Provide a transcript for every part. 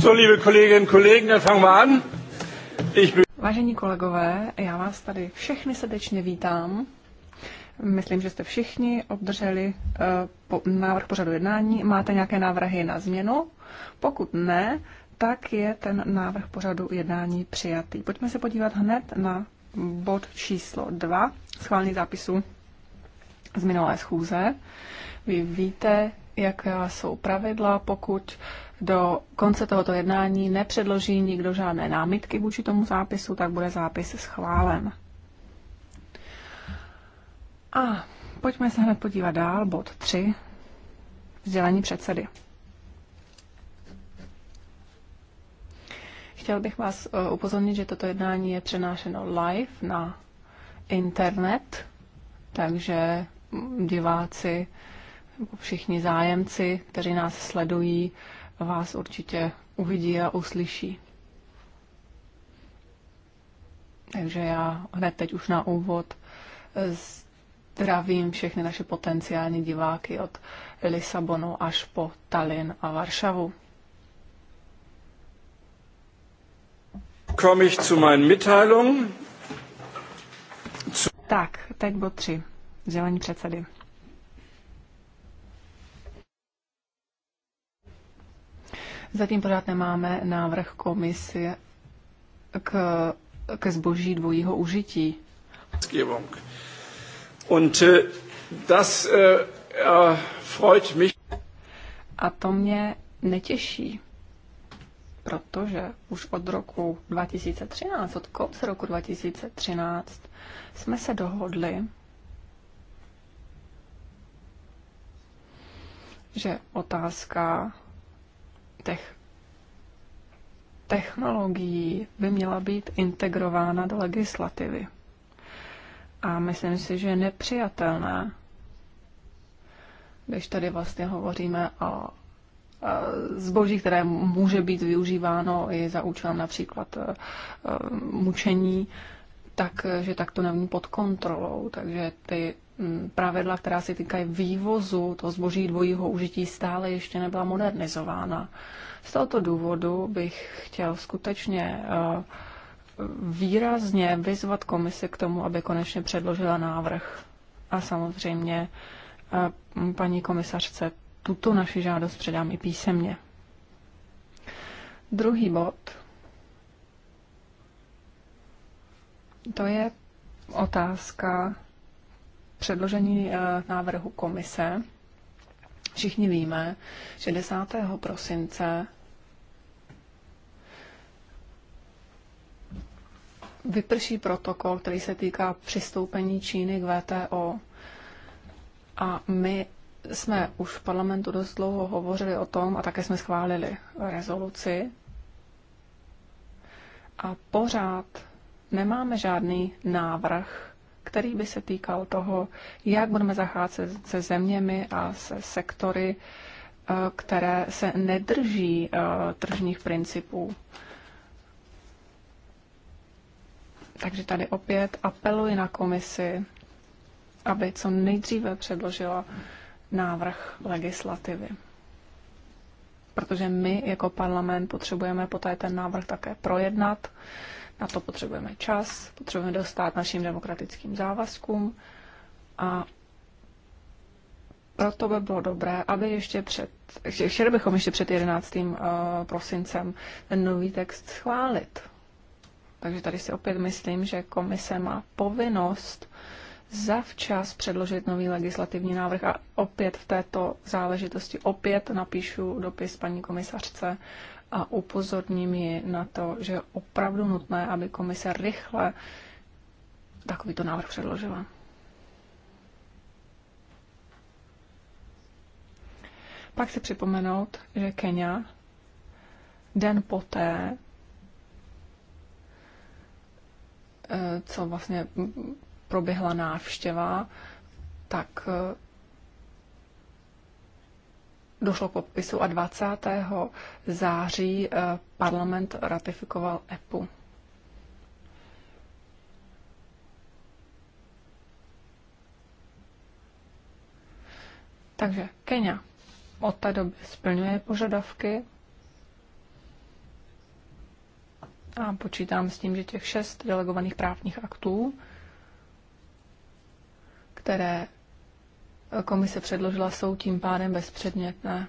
So, liebe Kolleginnen und Kollegen, dann fangen wir an. Ich bin... Vážení kolegové, já vás tady všechny srdečně vítám. Myslím, že jste všichni obdrželi uh, po, návrh pořadu jednání. Máte nějaké návrhy na změnu? Pokud ne, tak je ten návrh pořadu jednání přijatý. Pojďme se podívat hned na bod číslo 2, schválný zápisu z minulé schůze. Vy víte, jaká jsou pravidla, pokud do konce tohoto jednání nepředloží nikdo žádné námitky vůči tomu zápisu, tak bude zápis schválen. A pojďme se hned podívat dál, bod 3, vzdělení předsedy. Chtěl bych vás eh, upozornit, že toto jednání je přenášeno live na internet, takže diváci jako všichni zájemci, kteří nás sledují, vás určitě uvidí a uslyší. Takže já hned teď už na úvod zdravím všechny naše potenciální diváky od Lisabonu až po Tallinn a Varšavu. Komme ich zu meinen Mitteilungen. Tak, teď bod 3. Zelení předsedy. Zatím pořád nemáme návrh komisy k, ke zboží dvojího užití. Äh, äh, A to mě netěší, protože už od roku 2013, od konce roku 2013, jsme se dohodli, že otázka tech technologií by měla být integrována do legislativy. A myslím si, že je nepřijatelné, když tady vlastně hovoříme o zboží, které může být využíváno i za účelem například e, e, mučení, tak, že to není pod kontrolou, takže ty mm, pravidla, která se týkají vývozu toho zboží dvojího užití, stále ještě nebyla modernizována. Z tohoto důvodu bych chtěl skutečně eh, výrazně vyzvat komisi k tomu, aby konečně předložila návrh. A samozřejmě eh, paní komisařce tuto naši žádost předám i písemně. Druhý bod To je otázka předložení eh, návrhu komise. Všichni víme, že 10. prosince vyprší protokol, který se týká přistoupení Číny k VTO. A my jsme už v parlamentu dost dlouho hovořili o tom a také jsme schválili rezoluci. A pořád nemáme žádný návrh, který by se týkal toho, jak budeme zacházet se zeměmi a se sektory, eh, které se nedrží eh, tržních principů. Takže tady opět apeluji na komisi, aby co nejdříve předložila návrh legislativy. Protože my jako parlament potřebujeme poté ten návrh také projednat na to potřebujeme čas, potřebujeme dostat našim demokratickým závazkům a proto by bylo dobré, aby ještě před, chtěli bychom ještě před 11. Eh, prosincem ten nový text schválit. Takže tady si opět myslím, že komise má povinnost zavčas předložit nový legislativní návrh a opět v této záležitosti opět napíšu dopis paní komisařce a upozorním ji na to, že je opravdu nutné, aby komise rychle takovýto návrh předložila. Pak si připomenout, že Kenya den poté, eh, co vlastně proběhla návštěva, tak eh, došlo k podpisu a 20. září eh, parlament ratifikoval EPU. Takže Kenya od té doby splňuje požadavky a počítám s tím, že těch šest delegovaných právních aktů, které komise předložila, jsou tím pádem bezpředmětné.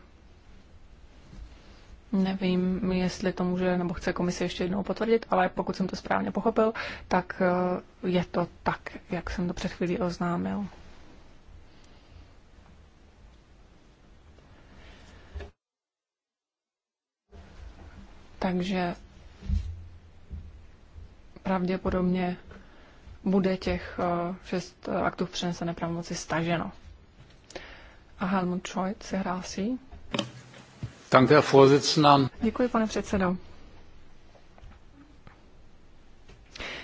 Nevím, jestli to může nebo chce komise ještě jednou potvrdit, ale pokud jsem to správně pochopil, tak eh, je to tak, jak jsem to před chvílí oznámil. Takže pravděpodobně bude těch eh, šest eh, aktů přenesené pravomoci staženo. A Helmut Scheuch se hlásí. Danke, Herr Vorsitzender. Děkuji, pane předsedo.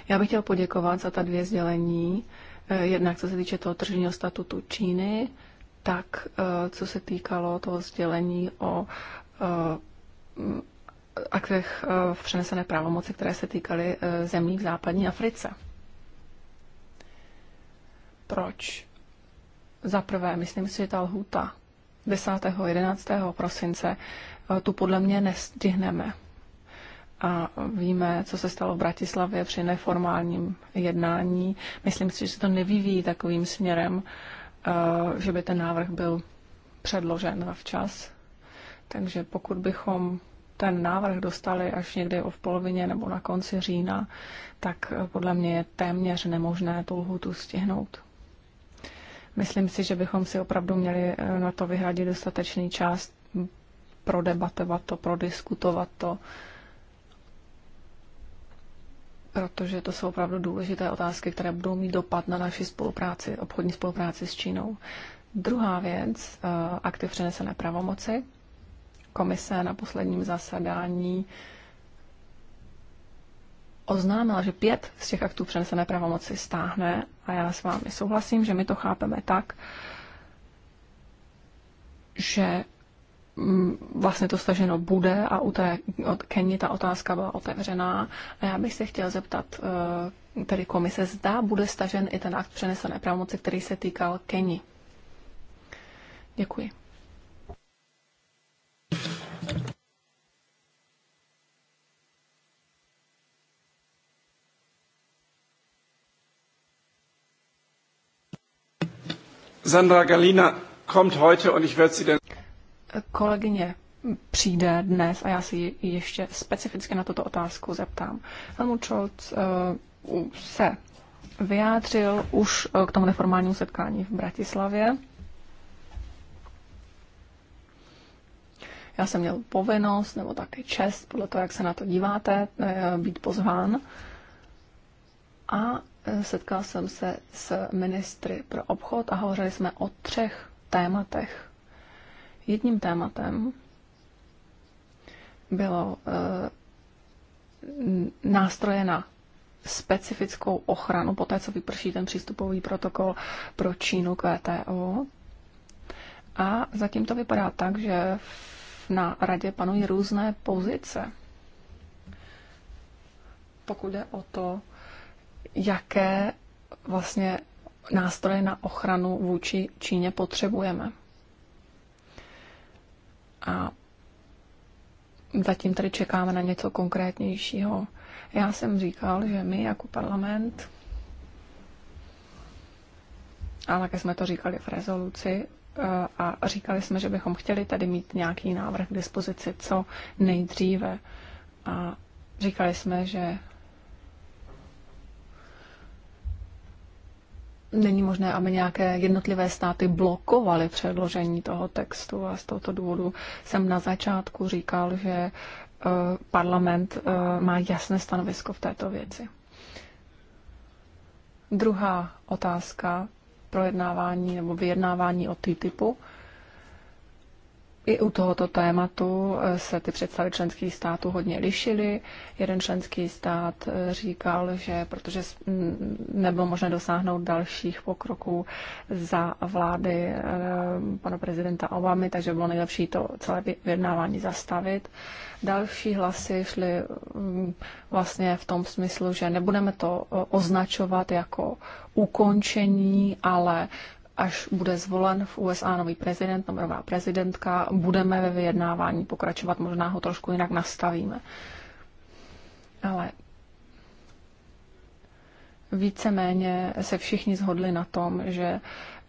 Já bych chtěl poděkovat za ta dvě sdělení. Eh, jednak co se týče toho tržního statutu Číny, tak eh, co se týkalo toho sdělení o eh, aktech v přenesené právomoci, které se týkaly zemí v západní Africe. Proč za prvé, myslím si, že ta lhuta 10. 11. prosince eh, tu podle mě nestihneme. A víme, co se stalo v Bratislavě při neformálním jednání. Myslím si, že se to nevyvíjí takovým směrem, eh, že by ten návrh byl předložen včas. Takže pokud bychom ten návrh dostali až někdy o v polovině nebo na konci října, tak eh, podle mě je téměř nemožné tu lhutu stihnout. Myslím si, že bychom si opravdu měli eh, na to vyhradit dostatečný čas, prodebatovat to, prodiskutovat to, protože to jsou opravdu důležité otázky, které budou mít dopad na naši spolupráci, obchodní spolupráci s Čínou. Druhá věc, eh, aktiv přenesené pravomoci. Komise na posledním zasedání uh, oznámila, že pět z těch aktů přenesené pravomoci stáhne a já s vámi souhlasím, že my to chápeme tak, že mm, vlastně to staženo bude a u té od Keni ta otázka byla otevřená. A já bych se chtěl zeptat eh, tedy komise, zda bude stažen i ten akt přenesené pravomoci, který se týkal Keni. Děkuji. Sandra Galina kommt heute und ich werde sie dann... Kolegyně přijde dnes a já si ještě specificky na tuto otázku zeptám. Helmut Scholz uh, se vyjádřil už eh, k tomu neformálnímu setkání v Bratislavě. Já jsem měl povinnost, nebo také čest, podle toho, jak se na to díváte, eh, být pozván. A Eh, setkal jsem se s ministry pro obchod a hovořili jsme o třech tématech. Jedním tématem bylo eh, nástroje na specifickou ochranu po té, co vyprší ten přístupový protokol pro Čínu k VTO. A zatím to vypadá tak, že na radě panují různé pozice. Pokud je o to, jaké vlastně nástroje na ochranu vůči Číně potřebujeme. A zatím tady čekáme na něco konkrétnějšího. Já jsem říkal, že my jako parlament, ale také jsme to říkali v rezoluci, eh, a říkali jsme, že bychom chtěli tady mít nějaký návrh k dispozici co nejdříve. A říkali jsme, že není možné, aby nějaké jednotlivé státy blokovaly předložení toho textu a z tohoto důvodu jsem na začátku říkal, že eh, parlament eh, má jasné stanovisko v této věci. Druhá otázka projednávání nebo vyjednávání o TTIPu. typu i u tohoto tématu eh, se ty představy členských států hodně lišily. Jeden členský stát eh, říkal, že protože nebylo možné dosáhnout dalších pokroků za vlády eh, pana prezidenta Obamy, takže bylo nejlepší to celé vyjednávání zastavit. Další hlasy šly mm, vlastně v tom smyslu, že nebudeme to označovat jako ukončení, ale až bude zvolen v USA nový prezident nová prezidentka, budeme ve vyjednávání pokračovat, možná ho trošku jinak nastavíme. Ale víceméně se všichni zhodli na tom, že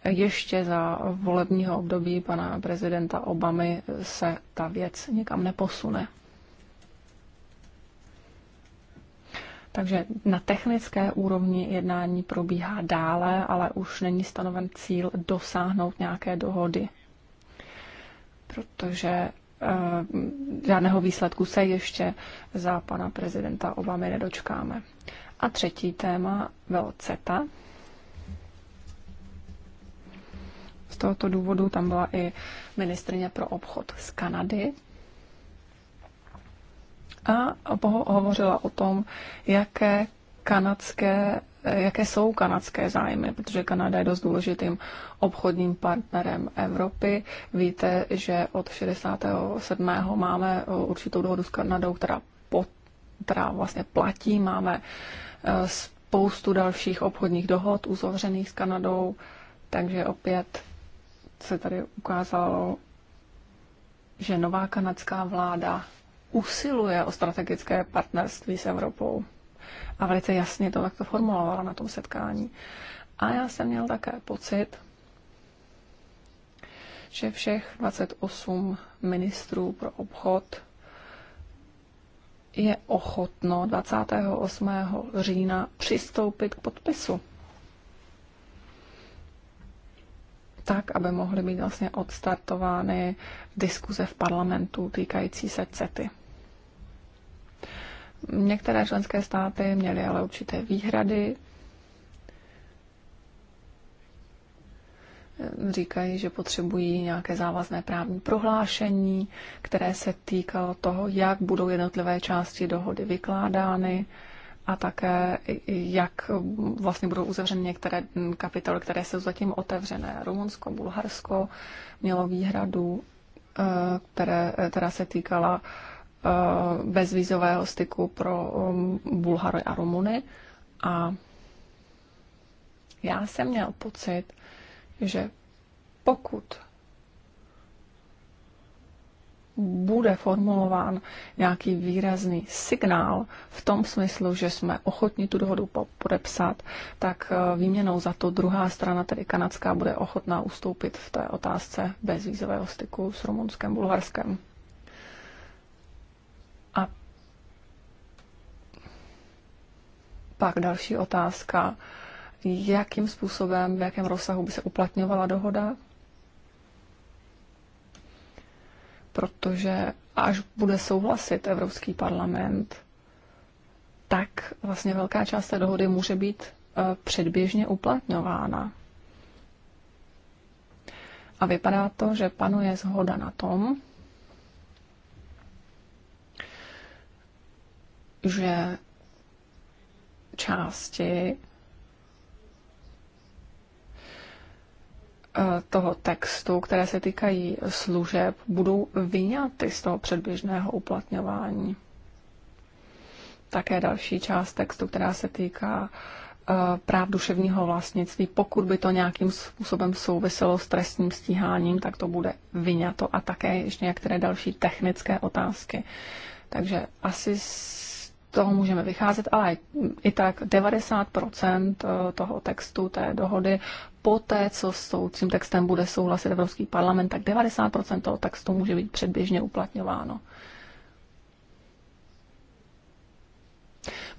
ještě za volebního období pana prezidenta Obamy se ta věc nikam neposune. Takže na technické úrovni jednání probíhá dále, ale už není stanoven cíl dosáhnout nějaké dohody, protože eh, žádného výsledku se ještě za pana prezidenta Obamy nedočkáme. A třetí téma velceta. Z tohoto důvodu tam byla i ministrině pro obchod z Kanady, a hovořila o tom, jaké kanadské, jaké jsou kanadské zájmy, protože Kanada je dost důležitým obchodním partnerem Evropy. Víte, že od 67. máme e, určitou dohodu s Kanadou, která, po, která vlastně platí. Máme e, spoustu dalších obchodních dohod uzavřených s Kanadou, takže opět se tady ukázalo, že nová kanadská vláda usiluje o strategické partnerství s Evropou. A velice jasně to takto formulovala na tom setkání. A já jsem měl také pocit, že všech 28 ministrů pro obchod je ochotno 28. října přistoupit k podpisu tak, aby mohly být vlastně odstartovány diskuze v parlamentu týkající se CETY. Některé členské státy měly ale určité výhrady. Říkají, že potřebují nějaké závazné právní prohlášení, které se týkalo toho, jak budou jednotlivé části dohody vykládány a také jak vlastně budou uzavřeny některé kapitoly, které jsou zatím otevřené. Rumunsko, Bulharsko mělo výhradu, eh, které, která se týkala eh, bezvízového styku pro eh, Bulhary a Rumuny. A já jsem měl pocit, že pokud bude formulován nějaký výrazný signál v tom smyslu, že jsme ochotni tu dohodu podepsat, tak eh, výměnou za to druhá strana, tedy kanadská, bude ochotná ustoupit v té otázce bezvízového styku s rumunským Bulharskem. A pak další otázka, jakým způsobem, v jakém rozsahu by se uplatňovala dohoda, protože až bude souhlasit Evropský parlament, tak vlastně velká část té dohody může být eh, předběžně uplatňována. A vypadá to, že panuje zhoda na tom, že části Eh, toho textu, které se týkají služeb, budou vyňaty z toho předběžného uplatňování. Také další část textu, která se týká eh, práv duševního vlastnictví, pokud by to nějakým způsobem souviselo s trestním stíháním, tak to bude vyňato a také ještě některé další technické otázky. Takže asi z toho můžeme vycházet, ale i tak 90% eh, toho textu té dohody poté, co s tím textem bude souhlasit Evropský parlament, tak 90% toho textu může být předběžně uplatňováno.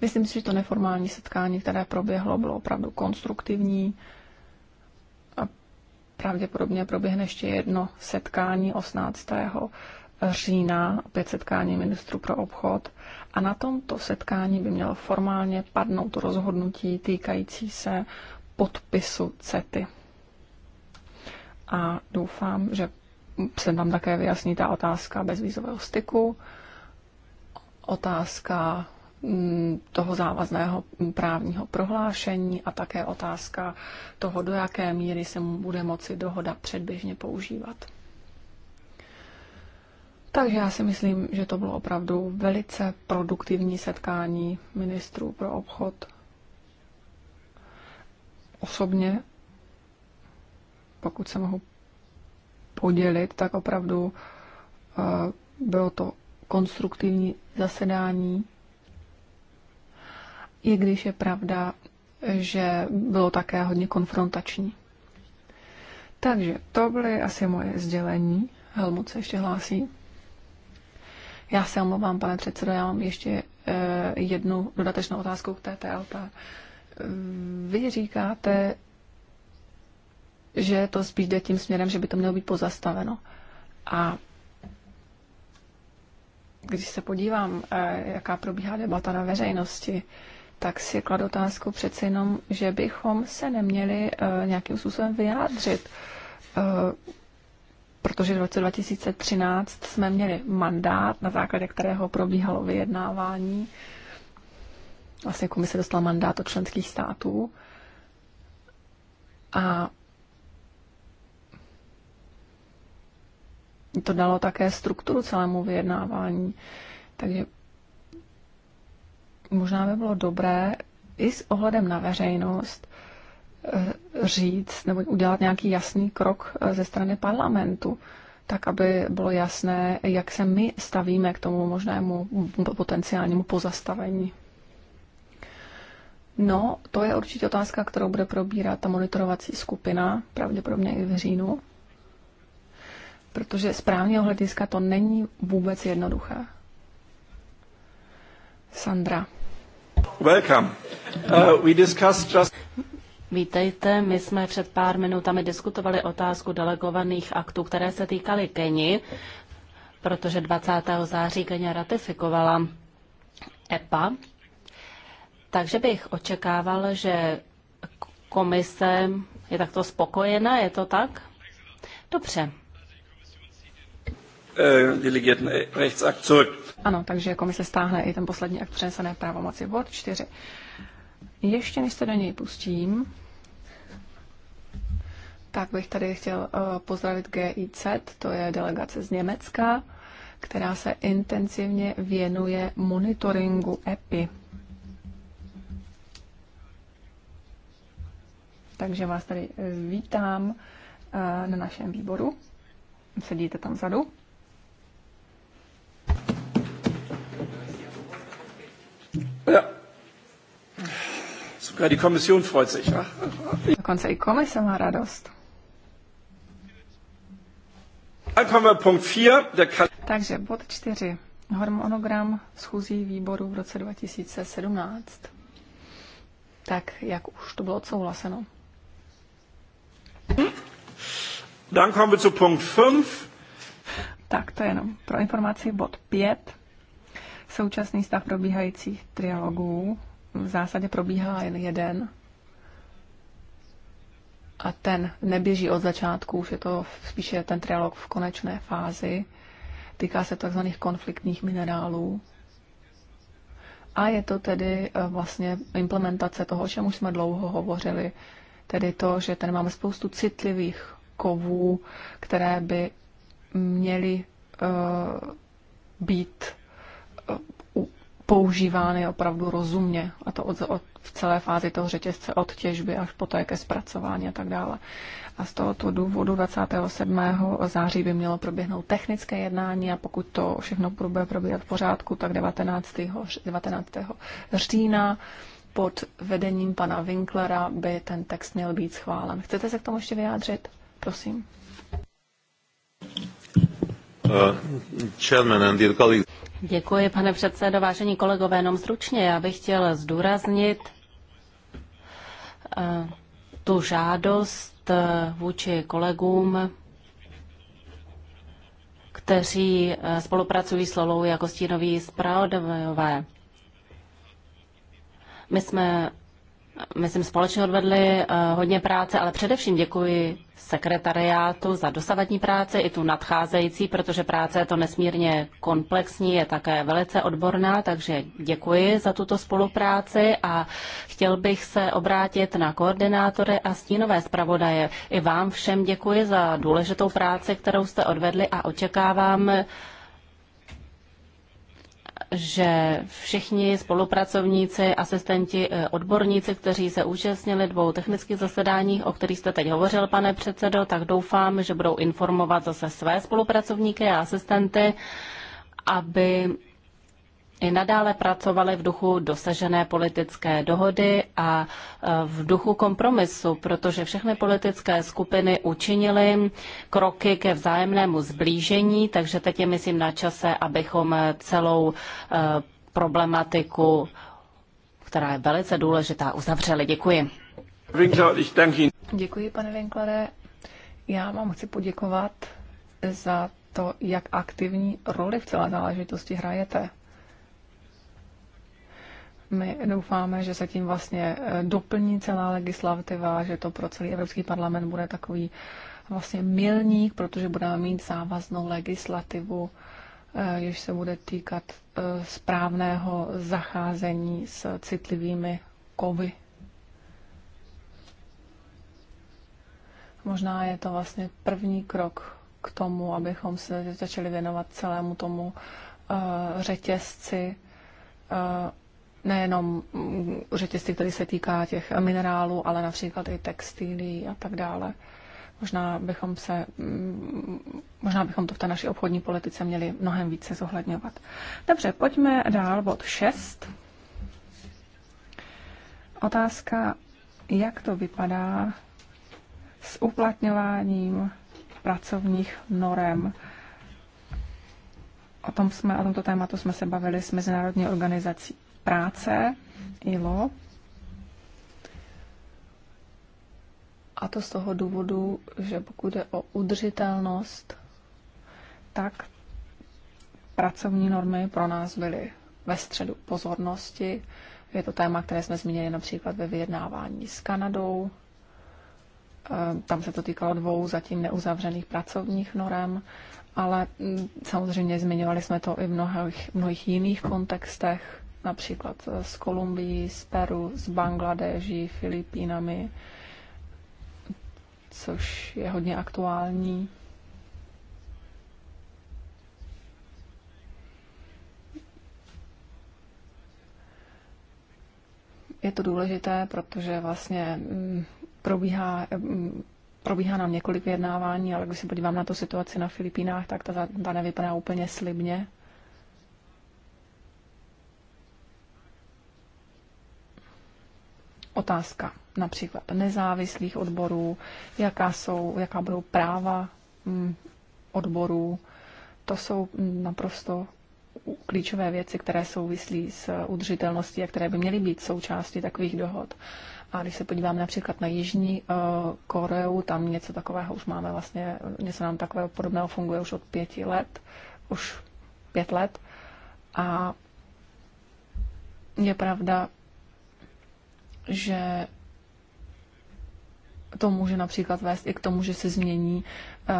Myslím si, že to neformální setkání, které proběhlo, bylo opravdu konstruktivní a pravděpodobně proběhne ještě jedno setkání 18. října, opět setkání ministru pro obchod. A na tomto setkání by mělo formálně padnout rozhodnutí týkající se podpisu CETY. A doufám, že se tam také vyjasní ta otázka bezvízového styku, otázka mm, toho závazného právního prohlášení a také otázka toho, do jaké míry se mu bude moci dohoda předběžně používat. Takže já si myslím, že to bylo opravdu velice produktivní setkání ministrů pro obchod osobně, pokud se mohu podělit, tak opravdu eh, bylo to konstruktivní zasedání. I když je pravda, že bylo také hodně konfrontační. Takže to byly asi moje sdělení. Helmut se ještě hlásí. Já se omlouvám, pane předsedo, já mám ještě eh, jednu dodatečnou otázku k TTLP. Vy říkáte, že to spíš jde tím směrem, že by to mělo být pozastaveno. A když se podívám, eh, jaká probíhá debata na veřejnosti, tak si kladu otázku přeci jenom, že bychom se neměli eh, nějakým způsobem vyjádřit, eh, protože v roce 2013 jsme měli mandát, na základě kterého probíhalo vyjednávání vlastně komise dostala mandát od členských států a to dalo také strukturu celému vyjednávání. Takže možná by bylo dobré i s ohledem na veřejnost eh, říct nebo udělat nějaký jasný krok eh, ze strany parlamentu, tak aby bylo jasné, jak se my stavíme k tomu možnému potenciálnímu pozastavení. No, to je určitě otázka, kterou bude probírat ta monitorovací skupina, pravděpodobně i v říjnu, protože z právního hlediska to není vůbec jednoduché. Sandra. Welcome. Uh, we discussed just... Vítejte, my jsme před pár minutami diskutovali otázku delegovaných aktů, které se týkaly Keni, protože 20. září Kenia ratifikovala EPA, takže bych očekával, že komise je takto spokojena, je to tak? Dobře. Eh, ano, takže komise stáhne i ten poslední akt přenesené pravomoci. Bod 4. Ještě než se do něj pustím, tak bych tady chtěl eh, pozdravit GIZ, to je delegace z Německa, která se intenzivně věnuje monitoringu EPI. Takže vás tady eh, vítám eh, na našem výboru. Sedíte tam vzadu. Ja. Sogar die Kommission freut sich. Ja? ach, ach. Dokonce i komise má radost. Takže bod 4. Hormonogram schůzí výboru v roce 2017. Tak, jak už to bylo odsouhlaseno. Dann kommen wir zu Punkt 5. Tak to je jenom pro informaci bod 5. Současný stav probíhajících trialogů. V zásadě probíhá jen jeden. A ten neběží od začátku, už je to spíše ten trialog v konečné fázi. Týká se tzv. konfliktních minerálů. A je to tedy eh, vlastně implementace toho, o čem už jsme dlouho hovořili, tedy to, že tady máme spoustu citlivých kovů, které by měly uh, být uh, používány opravdu rozumně, a to od, od, v celé fázi toho řetězce od těžby až poté ke zpracování a tak dále. A z tohoto důvodu 27. září by mělo proběhnout technické jednání a pokud to všechno bude probíhat v pořádku, tak 19. 19. října pod vedením pana Winklera by ten text měl být schválen. Chcete se k tomu ještě vyjádřit? Prosím. Uh, Děkuji, pane předsedo. Vážení kolegové, jenom stručně, já bych chtěl zdůraznit uh, tu žádost uh, vůči kolegům, kteří spolupracují s Lolou jako stínoví zpravodajové. My jsme, myslím, společně odvedli eh, hodně práce, ale především děkuji sekretariátu za dosavadní práci i tu nadcházející, protože práce je to nesmírně komplexní, je také velice odborná, takže děkuji za tuto spolupráci a chtěl bych se obrátit na koordinátory a stínové zpravodaje. I vám všem děkuji za důležitou práci, kterou jste odvedli a očekávám, že všichni spolupracovníci, asistenti, eh, odborníci, kteří se účastnili dvou technických zasedání, o kterých jste teď hovořil, pane předsedo, tak doufám, že budou informovat zase své spolupracovníky a asistenty, aby i nadále pracovali v duchu dosažené politické dohody a e, v duchu kompromisu, protože všechny politické skupiny učinily kroky ke vzájemnému zblížení, takže teď je myslím na čase, abychom celou e, problematiku, která je velice důležitá, uzavřeli. Děkuji. Děkuji, pane Winklere. Já vám chci poděkovat za to, jak aktivní roli v celé záležitosti hrajete. My doufáme, že se tím vlastně eh, doplní celá legislativa, že to pro celý Evropský parlament bude takový vlastně milník, protože budeme mít závaznou legislativu, eh, jež se bude týkat eh, správného zacházení s citlivými kovy. Možná je to vlastně první krok k tomu, abychom se začali věnovat celému tomu řetězci nejenom mm, řetězství, který se týká těch minerálů, ale například i textilí a tak dále. Možná bychom, se, mm, možná bychom to v té naší obchodní politice měli mnohem více zohledňovat. Dobře, pojďme dál, bod 6. Otázka, jak to vypadá s uplatňováním pracovních norem. O, tom jsme, o tomto tématu jsme se bavili s Mezinárodní organizací práce, ILO. A to z toho důvodu, že pokud je o udržitelnost, tak pracovní normy pro nás byly ve středu pozornosti. Je to téma, které jsme zmínili například ve vyjednávání s Kanadou. Ehm, tam se to týkalo dvou zatím neuzavřených pracovních norem, ale mm, samozřejmě zmiňovali jsme to i v mnohých, mnohých jiných kontextech například eh, z Kolumbii, z Peru, z Bangladeží, Filipínami, což je hodně aktuální. Je to důležité, protože vlastně mm, probíhá, mm, probíhá nám několik vyjednávání, ale když se podívám na tu situaci na Filipínách, tak ta, ta nevypadá úplně slibně. otázka například nezávislých odborů, jaká, jsou, jaká budou práva mm, odborů. To jsou naprosto klíčové věci, které souvislí s udržitelností a které by měly být součástí takových dohod. A když se podíváme například na Jižní eh, Koreu, tam něco takového už máme vlastně, něco nám takového podobného funguje už od pěti let, už pět let. A je pravda, že to může například vést i k tomu, že se změní eh,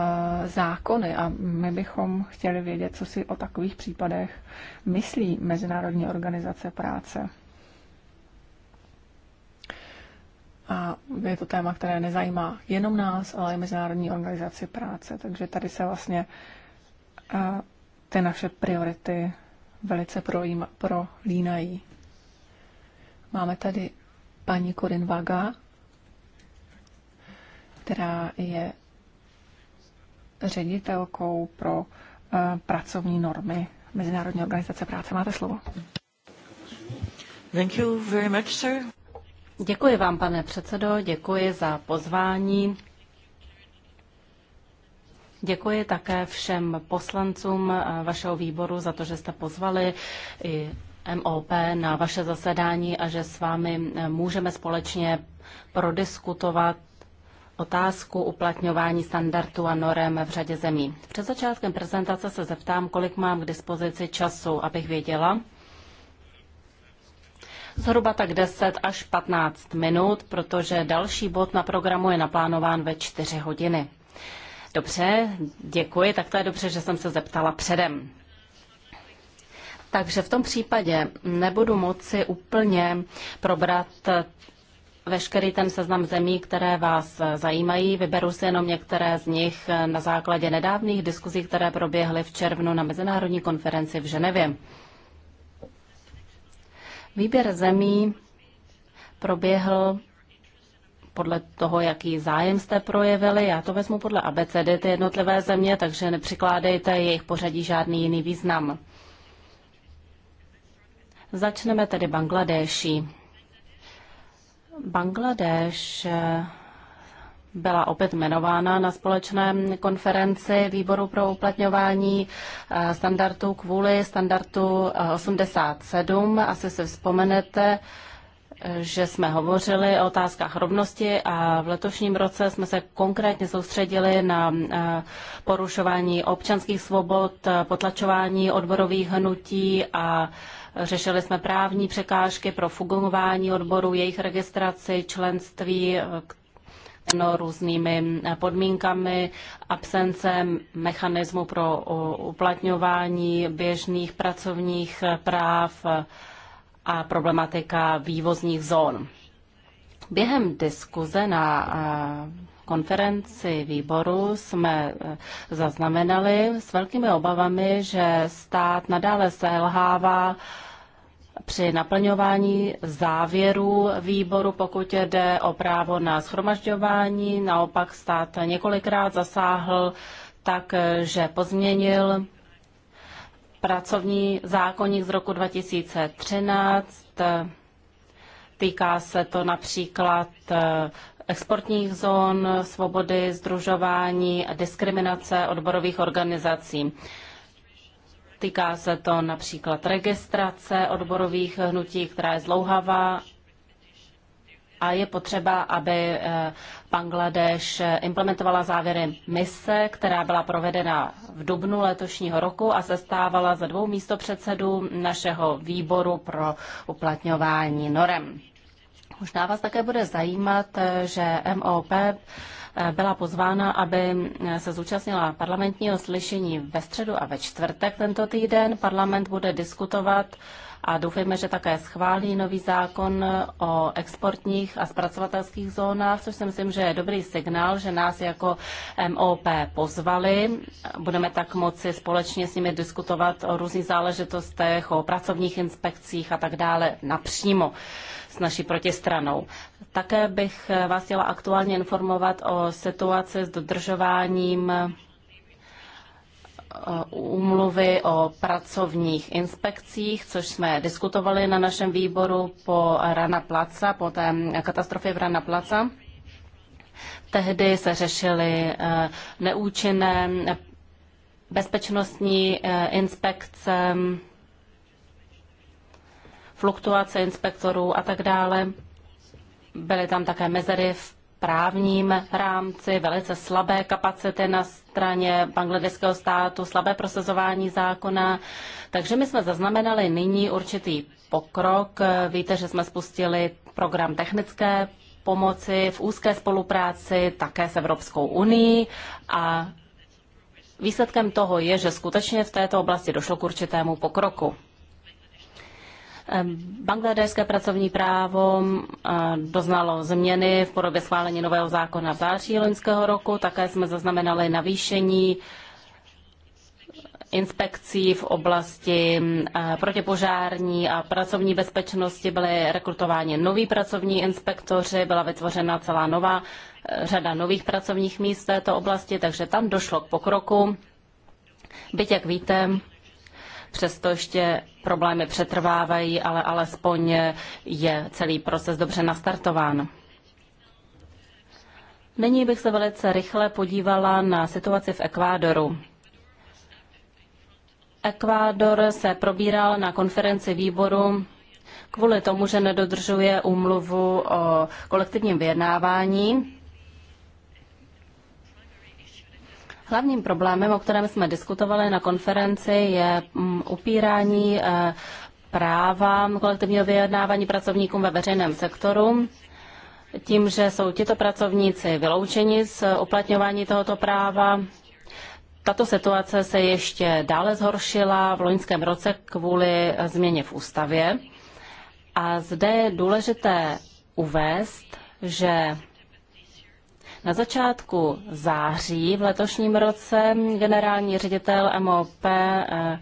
zákony a my bychom chtěli vědět, co si o takových případech myslí Mezinárodní organizace práce. A je to téma, které nezajímá jenom nás, ale i Mezinárodní organizaci práce. Takže tady se vlastně eh, ty naše priority velice prolínají. Máme tady paní Corin Vaga, která je ředitelkou pro eh, pracovní normy Mezinárodní organizace práce. Máte slovo. Thank you very much, sir. Děkuji vám, pane předsedo, děkuji za pozvání. Děkuji také všem poslancům eh, vašeho výboru za to, že jste pozvali i MOP na vaše zasedání a že s vámi eh, můžeme společně prodiskutovat otázku uplatňování standardů a norem v řadě zemí. Před začátkem prezentace se zeptám, kolik mám k dispozici času, abych věděla. Zhruba tak 10 až 15 minut, protože další bod na programu je naplánován ve 4 hodiny. Dobře, děkuji, tak to je dobře, že jsem se zeptala předem. Takže v tom případě nebudu moci úplně probrat veškerý ten seznam zemí, které vás zajímají. Vyberu si jenom některé z nich na základě nedávných diskuzí, které proběhly v červnu na mezinárodní konferenci v Ženevě. Výběr zemí proběhl podle toho, jaký zájem jste projevili. Já to vezmu podle abecedy, ty jednotlivé země, takže nepřikládejte jejich pořadí žádný jiný význam. Začneme tedy Bangladéši. Bangladeš eh, byla opět jmenována na společné konferenci Výboru pro uplatňování eh, standardů kvůli standardu 87. Eh, Asi se vzpomenete, že jsme hovořili o otázkách rovnosti a v letošním roce jsme se konkrétně soustředili na porušování občanských svobod, potlačování odborových hnutí a Řešili jsme právní překážky pro fungování odboru, jejich registraci, členství, eh, no, různými eh, podmínkami, absence mechanismu pro uplatňování běžných pracovních eh, práv a problematika vývozních zón. Během diskuze na konferenci výboru jsme zaznamenali s velkými obavami, že stát nadále selhává při naplňování závěru výboru, pokud jde o právo na schromažďování. Naopak stát několikrát zasáhl tak, že pozměnil pracovní zákonník z roku 2013. Týká se to například eh, exportních zón, svobody, združování a diskriminace odborových organizací. Týká se to například registrace odborových hnutí, která je zlouhavá a je potřeba, aby eh, Bangladeš eh, implementovala závěry mise, která byla provedena v dubnu letošního roku a sestávala ze dvou místopředsedů našeho výboru pro uplatňování norem. Možná vás také bude zajímat, eh, že MOP byla pozvána, aby se zúčastnila parlamentního slyšení ve středu a ve čtvrtek tento týden. Parlament bude diskutovat a doufejme, že také schválí nový zákon o exportních a zpracovatelských zónách, což si myslím, že je dobrý signál, že nás jako MOP pozvali. Budeme tak moci společně s nimi diskutovat o různých záležitostech, o pracovních inspekcích a tak dále napřímo s naší protistranou. Také bych vás chtěla aktuálně informovat o situaci s dodržováním eh, úmluvy o pracovních inspekcích, což jsme diskutovali na našem výboru po Rana Placa, po té katastrofě v Rana Placa. Tehdy se řešily eh, neúčinné bezpečnostní eh, inspekce fluktuace inspektorů a tak dále. Byly tam také mezery v právním rámci, velice slabé kapacity na straně bangladeského státu, slabé prosazování zákona. Takže my jsme zaznamenali nyní určitý pokrok. Víte, že jsme spustili program technické pomoci v úzké spolupráci také s Evropskou unii a výsledkem toho je, že skutečně v této oblasti došlo k určitému pokroku. Bangladéšské pracovní právo doznalo změny v podobě schválení nového zákona v září loňského roku. Také jsme zaznamenali navýšení inspekcí v oblasti protipožární a pracovní bezpečnosti byly rekrutováni noví pracovní inspektoři, byla vytvořena celá nová e, řada nových pracovních míst v této oblasti, takže tam došlo k pokroku. Byť, jak víte, přesto ještě problémy přetrvávají, ale alespoň je celý proces dobře nastartován. Nyní bych se velice rychle podívala na situaci v Ekvádoru. Ekvádor se probíral na konferenci výboru kvůli tomu, že nedodržuje úmluvu o kolektivním vyjednávání Hlavním problémem, o kterém jsme diskutovali na konferenci, je mm, upírání eh, práva kolektivního vyjednávání pracovníkům ve veřejném sektoru tím, že jsou tito pracovníci vyloučeni z uplatňování tohoto práva. Tato situace se ještě dále zhoršila v loňském roce kvůli eh, změně v ústavě. A zde je důležité uvést, že na začátku září v letošním roce generální ředitel MOP eh,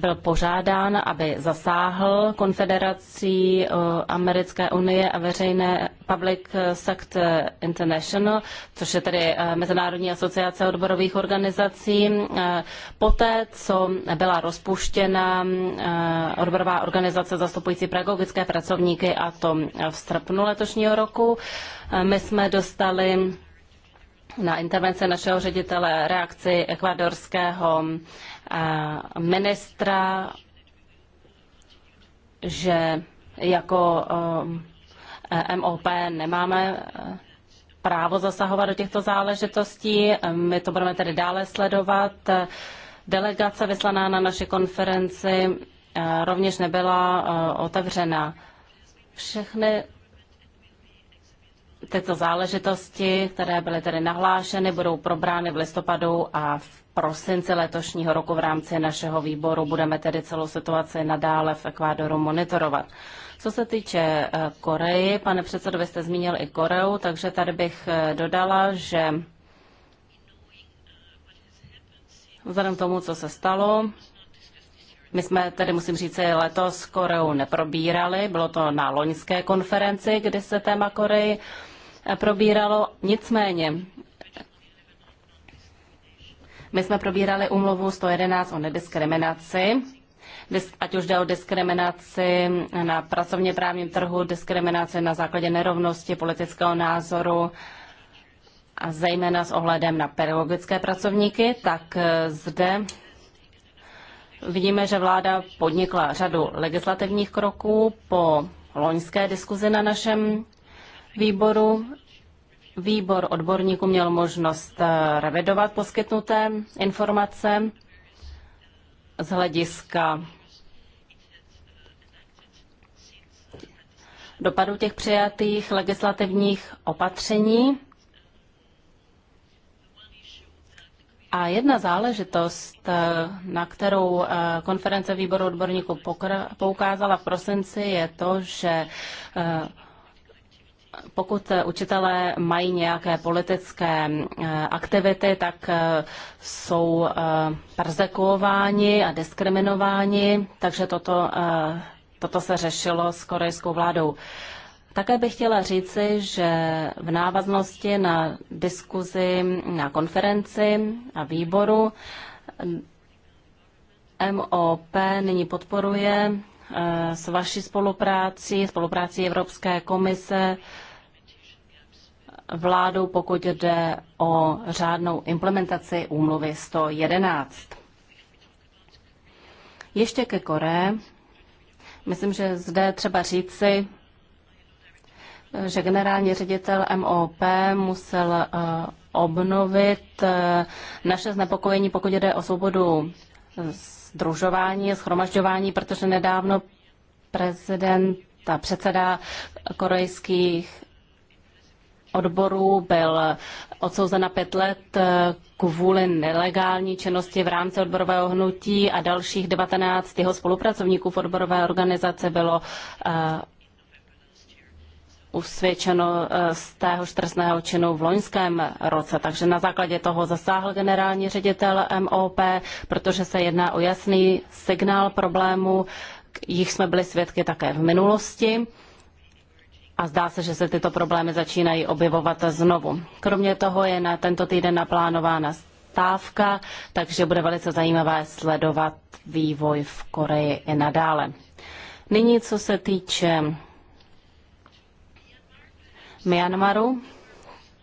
byl pořádán, aby zasáhl Konfederací eh, Americké unie a veřejné Public Sector International, což je tedy eh, Mezinárodní asociace odborových organizací. Eh, poté, co byla rozpuštěna odborová organizace zastupující pedagogické pracovníky, a to v srpnu letošního roku, my jsme dostali na intervence našeho ředitele, reakci ekvadorského eh, ministra, že jako eh, MOP nemáme eh, právo zasahovat do těchto záležitostí. My to budeme tedy dále sledovat. Delegace vyslaná na naši konferenci rovněž nebyla otevřena. Všechny tyto záležitosti, které byly tedy nahlášeny, budou probrány v listopadu a v prosinci letošního roku v rámci našeho výboru budeme tedy celou situaci nadále v Ekvádoru monitorovat. Co se týče eh, Koreji, pane předsedo, vy jste zmínil i Koreu, takže tady bych eh, dodala, že vzhledem k tomu, co se stalo, my jsme tedy, musím říct, letos Koreu neprobírali, bylo to na loňské konferenci, kdy se téma Koreji probíralo. Nicméně, my jsme probírali umluvu 111 o nediskriminaci, ať už jde o diskriminaci na pracovně právním trhu, diskriminaci na základě nerovnosti politického názoru, a zejména s ohledem na pedagogické pracovníky, tak eh, zde vidíme, že vláda podnikla řadu legislativních kroků po loňské diskuzi na našem výboru výbor odborníků měl možnost eh, revidovat poskytnuté informace z hlediska dopadu těch přijatých legislativních opatření. A jedna záležitost, eh, na kterou eh, konference výboru odborníků poukázala v prosinci, je to, že pokud učitelé mají nějaké politické eh, aktivity, tak eh, jsou eh, persekuováni a diskriminováni, takže toto, toto se řešilo s korejskou vládou. Také bych chtěla říci, že v návaznosti na diskuzi na konferenci a výboru MOP nyní podporuje s vaší spoluprácí, spoluprácí Evropské komise vládou, pokud jde o řádnou implementaci úmluvy 111. Ještě ke Koreji. Myslím, že zde třeba říci, že generální ředitel MOP musel eh, obnovit eh, naše znepokojení, pokud jde o svobodu združování, schromažďování, protože nedávno prezident a předseda korejských Odboru byl odsouzen na pět let eh, kvůli nelegální činnosti v rámci odborového hnutí a dalších 19 jeho spolupracovníků v odborové organizace bylo eh, usvědčeno eh, z tého trestného činu v loňském roce. Takže na základě toho zasáhl generální ředitel MOP, protože se jedná o jasný signál problému, jich jsme byli svědky také v minulosti a zdá se, že se tyto problémy začínají objevovat znovu. Kromě toho je na tento týden naplánována stávka, takže bude velice zajímavé sledovat vývoj v Koreji i nadále. Nyní, co se týče Myanmaru,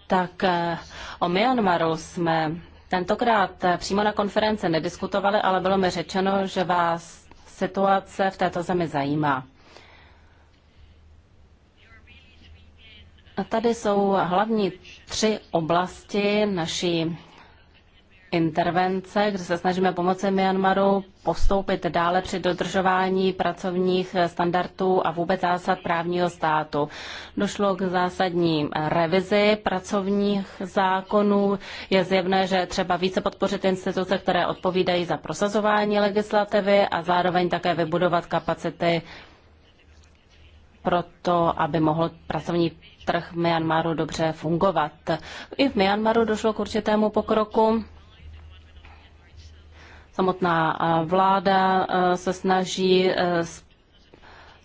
tak eh, o Myanmaru jsme tentokrát eh, přímo na konference nediskutovali, ale bylo mi řečeno, že vás situace v této zemi zajímá. A tady jsou hlavní tři oblasti naší intervence, kde se snažíme pomoci Myanmaru postoupit dále při dodržování pracovních standardů a vůbec zásad právního státu. Došlo k zásadní revizi pracovních zákonů. Je zjevné, že třeba více podpořit instituce, které odpovídají za prosazování legislativy a zároveň také vybudovat kapacity pro to, aby mohl pracovní trh v Myanmaru dobře fungovat. I v Myanmaru došlo k určitému pokroku. Samotná vláda se snaží e,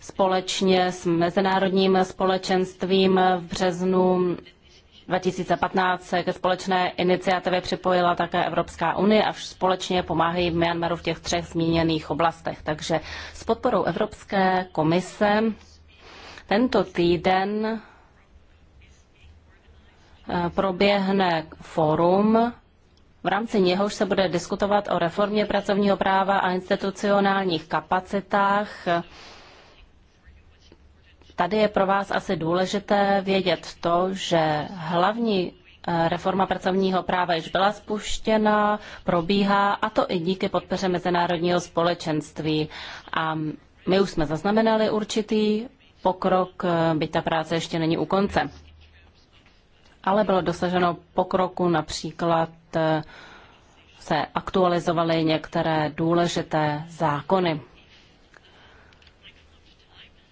společně s mezinárodním společenstvím v březnu 2015 ke společné iniciativě připojila také Evropská unie a společně pomáhají v Myanmaru v těch třech zmíněných oblastech. Takže s podporou Evropské komise tento týden proběhne forum, v rámci něhož se bude diskutovat o reformě pracovního práva a institucionálních kapacitách. Tady je pro vás asi důležité vědět to, že hlavní eh, Reforma pracovního práva již byla spuštěna, probíhá a to i díky podpoře mezinárodního společenství. A my už jsme zaznamenali určitý pokrok, eh, byť ta práce ještě není u konce ale bylo dosaženo pokroku, například eh, se aktualizovaly některé důležité zákony.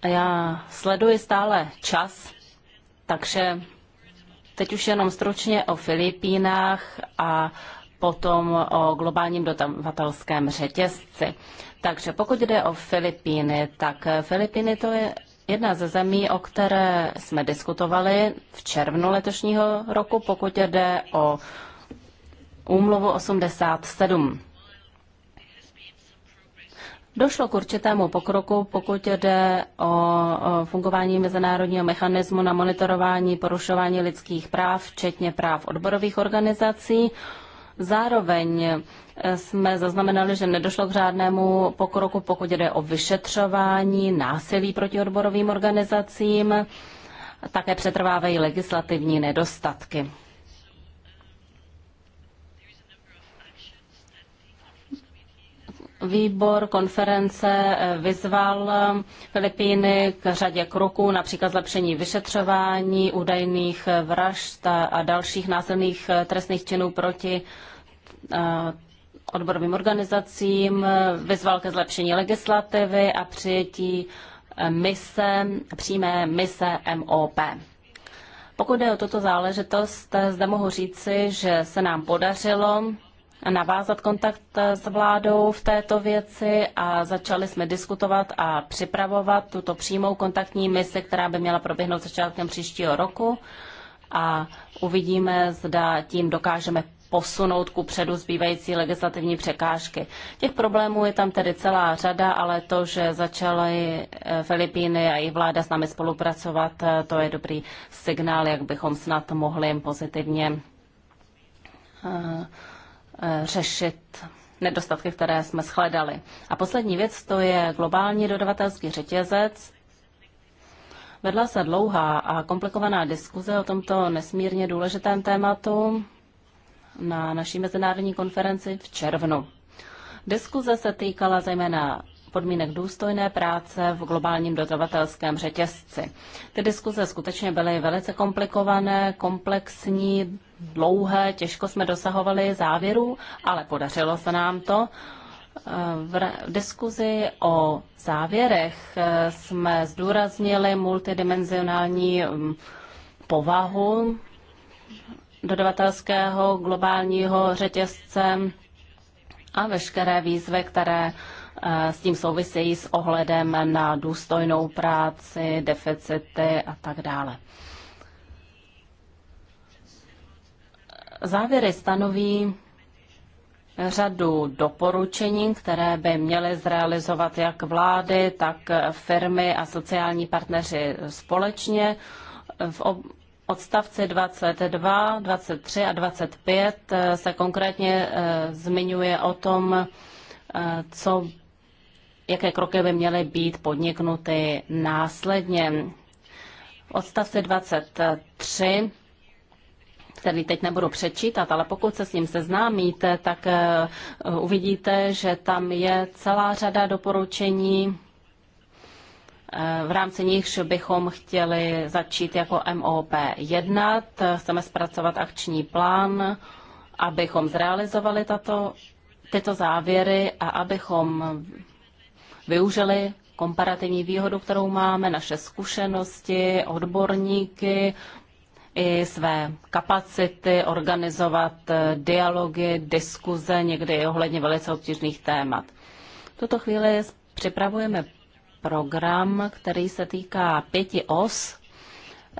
Já sleduji stále čas, takže teď už jenom stručně o Filipínách a potom o globálním dotavatelském řetězci. Takže pokud jde o Filipíny, tak Filipíny to je Jedna ze zemí, o které jsme diskutovali v červnu letošního roku, pokud jde o úmluvu 87. Došlo k určitému pokroku, pokud jde o fungování mezinárodního mechanismu na monitorování porušování lidských práv, včetně práv odborových organizací. Zároveň jsme zaznamenali, že nedošlo k řádnému pokroku, pokud jde o vyšetřování násilí proti odborovým organizacím. Také přetrvávají legislativní nedostatky. Výbor konference vyzval Filipíny k řadě kroků, například zlepšení vyšetřování údajných vražd a dalších násilných trestných činů proti eh, odborovým organizacím, vyzval ke zlepšení legislativy a přijetí eh, mise, přímé mise MOP. Pokud jde o tuto záležitost, eh, zde mohu říci, že se nám podařilo navázat kontakt eh, s vládou v této věci a začali jsme diskutovat a připravovat tuto přímou kontaktní misi, která by měla proběhnout začátkem příštího roku a uvidíme, zda tím dokážeme posunout ku předu zbývající legislativní překážky. Těch problémů je tam tedy celá řada, ale to, že začaly eh, Filipíny a i vláda s námi spolupracovat, eh, to je dobrý signál, jak bychom snad mohli jim pozitivně eh, řešit nedostatky, které jsme shledali. A poslední věc, to je globální dodavatelský řetězec. Vedla se dlouhá a komplikovaná diskuze o tomto nesmírně důležitém tématu na naší mezinárodní konferenci v červnu. Diskuze se týkala zejména podmínek důstojné práce v globálním dodavatelském řetězci. Ty diskuze skutečně byly velice komplikované, komplexní, dlouhé, těžko jsme dosahovali závěrů, ale podařilo se nám to. V diskuzi o závěrech eh, jsme zdůraznili multidimenzionální mm, povahu dodavatelského globálního řetězce a veškeré výzvy, které eh, s tím souvisejí s ohledem na důstojnou práci, deficity a tak dále. Závěry stanoví řadu doporučení, které by měly zrealizovat jak vlády, tak firmy a sociální partneři společně v, odstavci 22, 23 a 25 eh, se konkrétně eh, zmiňuje o tom, eh, co, jaké kroky by měly být podniknuty následně. V odstavci 23 který teď nebudu přečítat, ale pokud se s ním seznámíte, tak uvidíte, že tam je celá řada doporučení Eh, v rámci nichž bychom chtěli začít jako MOP jednat. Chceme zpracovat akční plán, abychom zrealizovali tato, tyto závěry a abychom využili komparativní výhodu, kterou máme, naše zkušenosti, odborníky, i své kapacity organizovat eh, dialogy, diskuze, někdy i ohledně velice obtížných témat. V tuto chvíli připravujeme program, který se týká pěti os,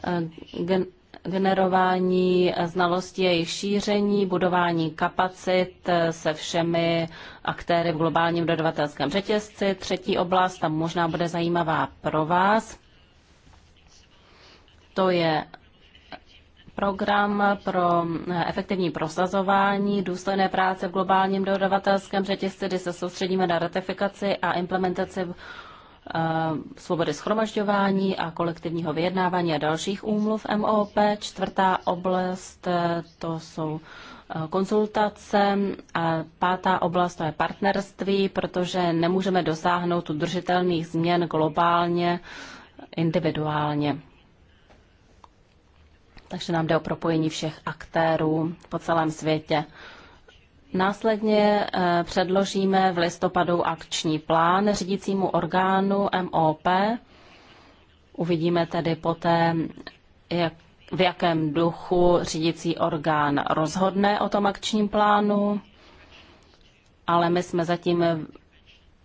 eh, generování znalostí, jejich šíření, budování kapacit eh, se všemi aktéry v globálním dodavatelském řetězci. Třetí oblast, tam možná bude zajímavá pro vás, to je program pro eh, efektivní prosazování důstojné práce v globálním dodavatelském řetězci, kdy se soustředíme na ratifikaci a implementaci Eh, svobody schromažďování a kolektivního vyjednávání a dalších úmluv MOP. Čtvrtá oblast eh, to jsou eh, konzultace a pátá oblast to je partnerství, protože nemůžeme dosáhnout udržitelných změn globálně, individuálně. Takže nám jde o propojení všech aktérů po celém světě. Následně eh, předložíme v listopadu akční plán řídícímu orgánu MOP. Uvidíme tedy poté, jak, v jakém duchu řídící orgán rozhodne o tom akčním plánu, ale my jsme zatím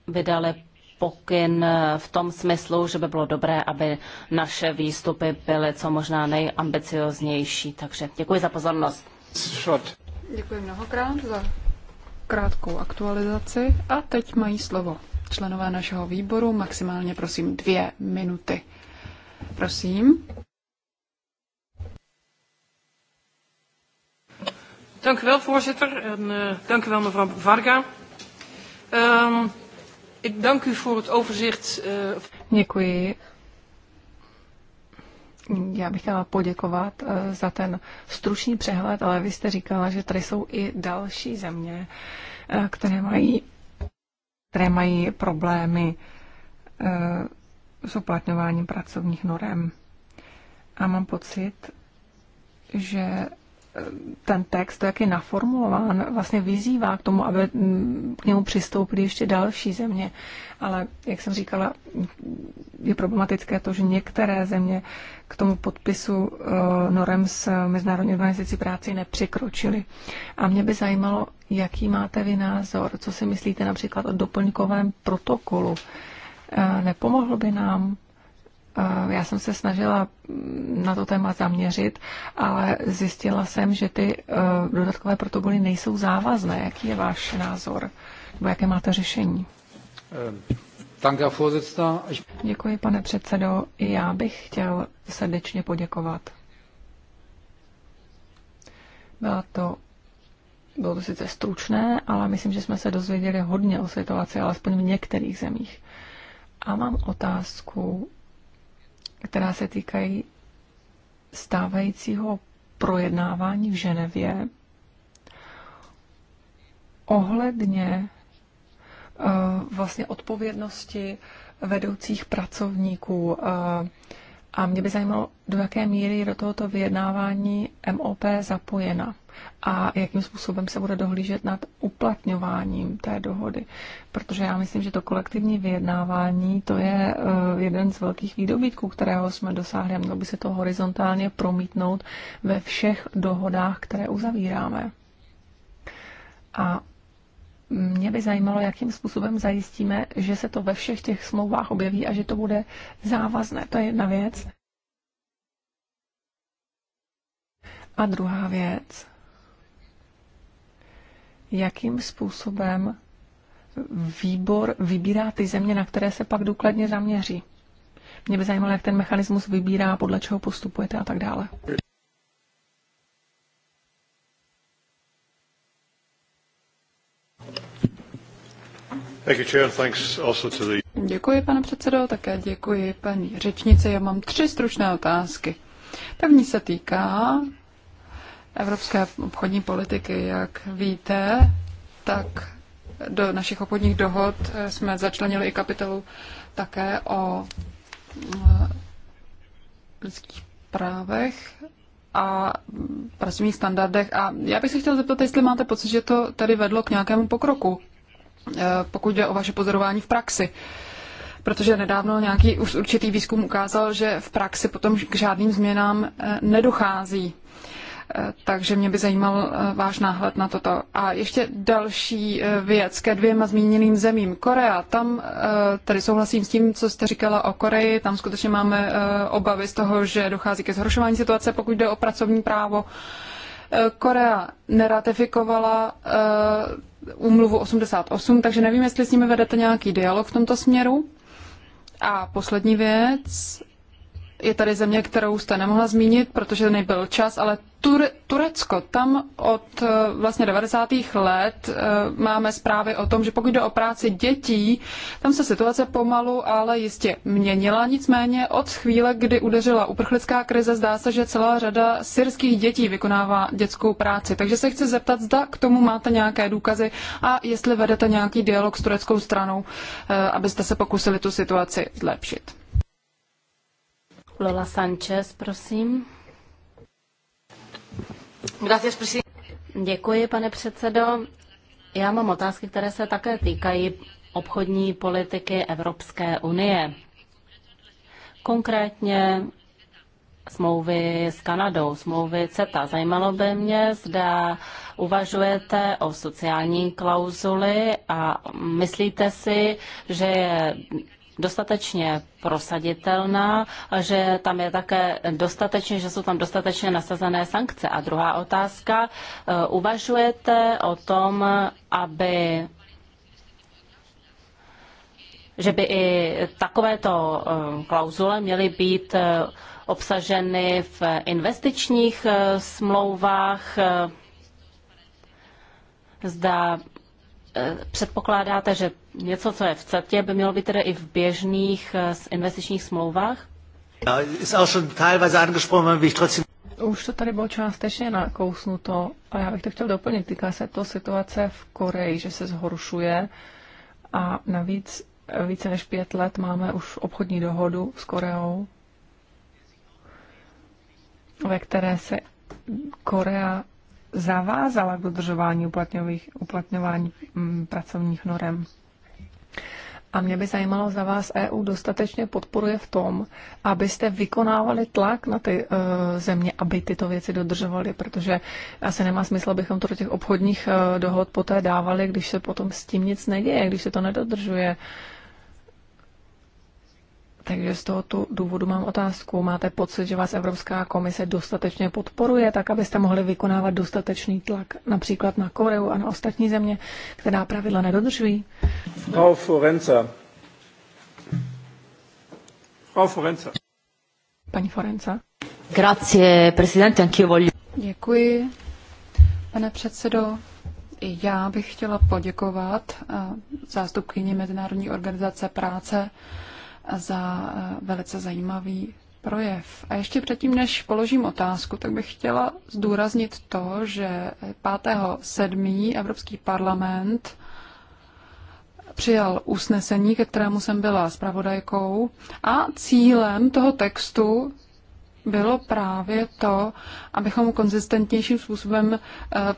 vydali pokyn v tom smyslu, že by bylo dobré, aby naše výstupy byly co možná nejambicioznější. Takže děkuji za pozornost. Děkuji mnohokrát za krátkou aktualizaci a teď mají slovo členové našeho výboru, maximálně prosím dvě minuty. Prosím. Dank u wel, voorzitter. En uh, dank u wel, mevrouw Varga. Um, ik dank u voor het overzicht. Uh... Děkuji já bych chtěla poděkovat eh, za ten stručný přehled, ale vy jste říkala, že tady jsou i další země, eh, které mají, které mají problémy eh, s uplatňováním pracovních norem. A mám pocit, že ten text, jak je naformulován, vlastně vyzývá k tomu, aby k němu přistoupily ještě další země. Ale, jak jsem říkala, je problematické to, že některé země k tomu podpisu eh, norem s Mezinárodní organizací práce nepřikročily. A mě by zajímalo, jaký máte vy názor, co si myslíte například o doplňkovém protokolu. Eh, nepomohl by nám Eh, já jsem se snažila na to téma zaměřit, ale zjistila jsem, že ty eh, dodatkové protokoly nejsou závazné. Jaký je váš názor? Nebo jaké máte řešení? Eh, Děkuji, pane předsedo. Já bych chtěl srdečně poděkovat. Byla to, bylo to sice stručné, ale myslím, že jsme se dozvěděli hodně o situaci, alespoň v některých zemích. A mám otázku která se týkají stávajícího projednávání v Ženevě ohledně eh, vlastně odpovědnosti vedoucích pracovníků. Eh, a mě by zajímalo, do jaké míry je do tohoto vyjednávání MOP zapojena a jakým způsobem se bude dohlížet nad uplatňováním té dohody. Protože já myslím, že to kolektivní vyjednávání to je eh, jeden z velkých výdobytků, kterého jsme dosáhli a mělo by se to horizontálně promítnout ve všech dohodách, které uzavíráme. A mě by zajímalo, jakým způsobem zajistíme, že se to ve všech těch smlouvách objeví a že to bude závazné. To je jedna věc. A druhá věc jakým způsobem výbor vybírá ty země, na které se pak důkladně zaměří. Mě by zajímalo, jak ten mechanismus vybírá, podle čeho postupujete a tak dále. Děkuji, pane předsedo, také děkuji paní řečnice. Já mám tři stručné otázky. První se týká evropské obchodní politiky. Jak víte, tak do našich obchodních dohod eh, jsme začlenili i kapitolu také o eh, lidských právech a pracovních standardech. A já bych se chtěl zeptat, jestli máte pocit, že to tady vedlo k nějakému pokroku, eh, pokud jde o vaše pozorování v praxi. Protože nedávno nějaký už určitý výzkum ukázal, že v praxi potom k žádným změnám nedochází takže mě by zajímal eh, váš náhled na toto. A ještě další eh, věc ke dvěma zmíněným zemím. Korea, tam eh, tady souhlasím s tím, co jste říkala o Koreji, tam skutečně máme obavy z toho, že dochází ke zhoršování situace, pokud jde o pracovní právo. Korea neratifikovala úmluvu 88, takže nevím, jestli s nimi vedete nějaký dialog v tomto směru. A poslední věc, je tady země, kterou jste nemohla zmínit, protože nebyl čas, ale Turecko, tam od eh, vlastně 90. let eh, máme zprávy o tom, že pokud jde o práci dětí, tam se situace pomalu, ale jistě měnila. Nicméně od chvíle, kdy udeřila uprchlická krize, zdá se, že celá řada syrských dětí vykonává dětskou práci. Takže se chci zeptat, zda k tomu máte nějaké důkazy a jestli vedete nějaký dialog s tureckou stranou, eh, abyste se pokusili tu situaci zlepšit. Lola Sanchez, prosím. Děkuji, pane předsedo. Já mám otázky, které se také týkají obchodní politiky Evropské unie. Konkrétně smlouvy s Kanadou, smlouvy CETA. Zajímalo by mě, zda uvažujete o sociální klauzuli a myslíte si, že je dostatečně prosaditelná že tam je také dostatečně, že jsou tam dostatečně nasazené sankce. A druhá otázka, eh, uvažujete o tom, aby že by i takovéto eh, klauzule měly být eh, obsaženy v investičních smlouvách. Zda Eh, předpokládáte, že něco, co je v CETě, by mělo být tedy i v běžných eh, investičních smlouvách? Už to tady bylo částečně nakousnuto a já bych to chtěl doplnit. Týká se to situace v Koreji, že se zhoršuje a navíc více než pět let máme už obchodní dohodu s Koreou, ve které se Korea zavázala k dodržování uplatňových, uplatňování m, mm, pracovních norem. A mě by zajímalo, za vás EU dostatečně podporuje v tom, abyste vykonávali tlak na ty uh, země, aby tyto věci dodržovaly, protože asi nemá smysl, abychom to do těch obchodních uh, dohod poté dávali, když se potom s tím nic neděje, když se to nedodržuje. Uh, takže z tohoto důvodu mám otázku. Máte pocit, že vás Evropská komise dostatečně podporuje, tak abyste mohli vykonávat dostatečný tlak například na Koreu a na ostatní země, která pravidla nedodržují? Frau Forenza. Frau Forenza. Paní Forenza. Grazie, presidente, io voglio... Děkuji, pane předsedo. Já bych chtěla poděkovat eh, zástupkyni Mezinárodní organizace práce za eh, velice zajímavý projev. A ještě předtím, než položím otázku, tak bych chtěla zdůraznit to, že 5.7. Evropský parlament přijal usnesení, ke kterému jsem byla zpravodajkou a cílem toho textu bylo právě to, abychom konzistentnějším způsobem eh,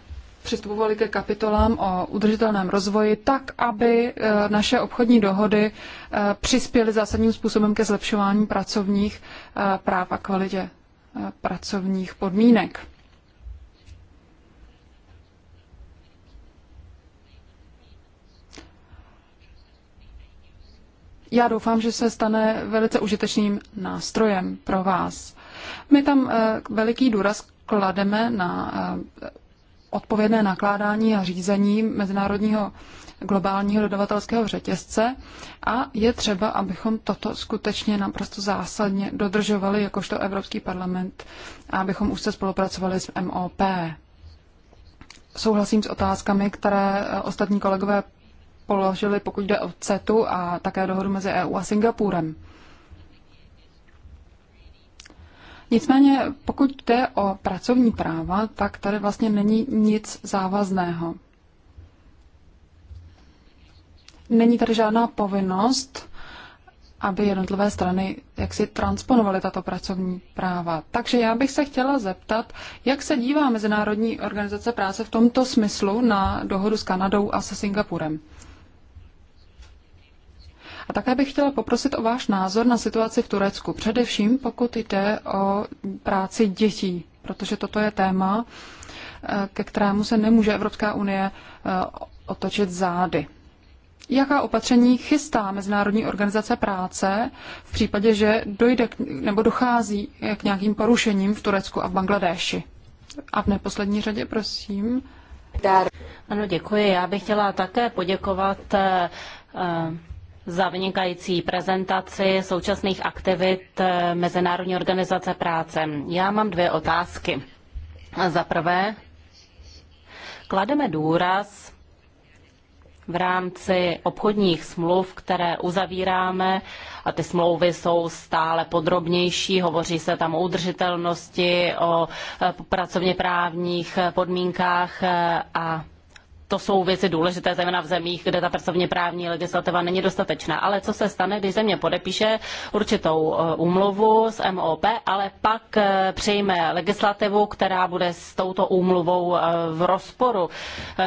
přistupovali ke kapitolám o udržitelném rozvoji tak, aby eh, naše obchodní dohody eh, přispěly zásadním způsobem ke zlepšování pracovních eh, práv a kvalitě pracovních podmínek. Já doufám, že se stane velice užitečným nástrojem pro vás. My tam veliký důraz klademe na odpovědné nakládání a řízení mezinárodního globálního dodavatelského řetězce a je třeba, abychom toto skutečně naprosto zásadně dodržovali jakožto Evropský parlament a abychom už se spolupracovali s MOP. Souhlasím s otázkami, které eh, ostatní kolegové položili, pokud jde o CETu a také dohodu mezi EU a Singapurem. Nicméně, pokud jde o pracovní práva, tak tady vlastně není nic závazného. Není tady žádná povinnost, aby jednotlivé strany jaksi transponovaly tato pracovní práva. Takže já bych se chtěla zeptat, jak se dívá Mezinárodní organizace práce v tomto smyslu na dohodu s Kanadou a se Singapurem. A také bych chtěla poprosit o váš názor na situaci v Turecku, především pokud jde o práci dětí, protože toto je téma, eh, ke kterému se nemůže Evropská unie eh, otočit zády. Jaká opatření chystá Mezinárodní organizace práce v případě, že dojde k, nebo dochází k nějakým porušením v Turecku a v Bangladéši? A v neposlední řadě, prosím. Ano, děkuji. Já bych chtěla také poděkovat eh, za vynikající prezentaci současných aktivit eh, Mezinárodní organizace práce. Já mám dvě otázky. Za prvé, klademe důraz v rámci obchodních smluv, které uzavíráme, a ty smlouvy jsou stále podrobnější, hovoří se tam o udržitelnosti, o eh, pracovně právních eh, podmínkách a to jsou věci důležité, zejména v zemích, kde ta pracovně právní legislativa není dostatečná. Ale co se stane, když země podepíše určitou eh, úmluvu s MOP, ale pak eh, přijme legislativu, která bude s touto úmluvou eh, v rozporu.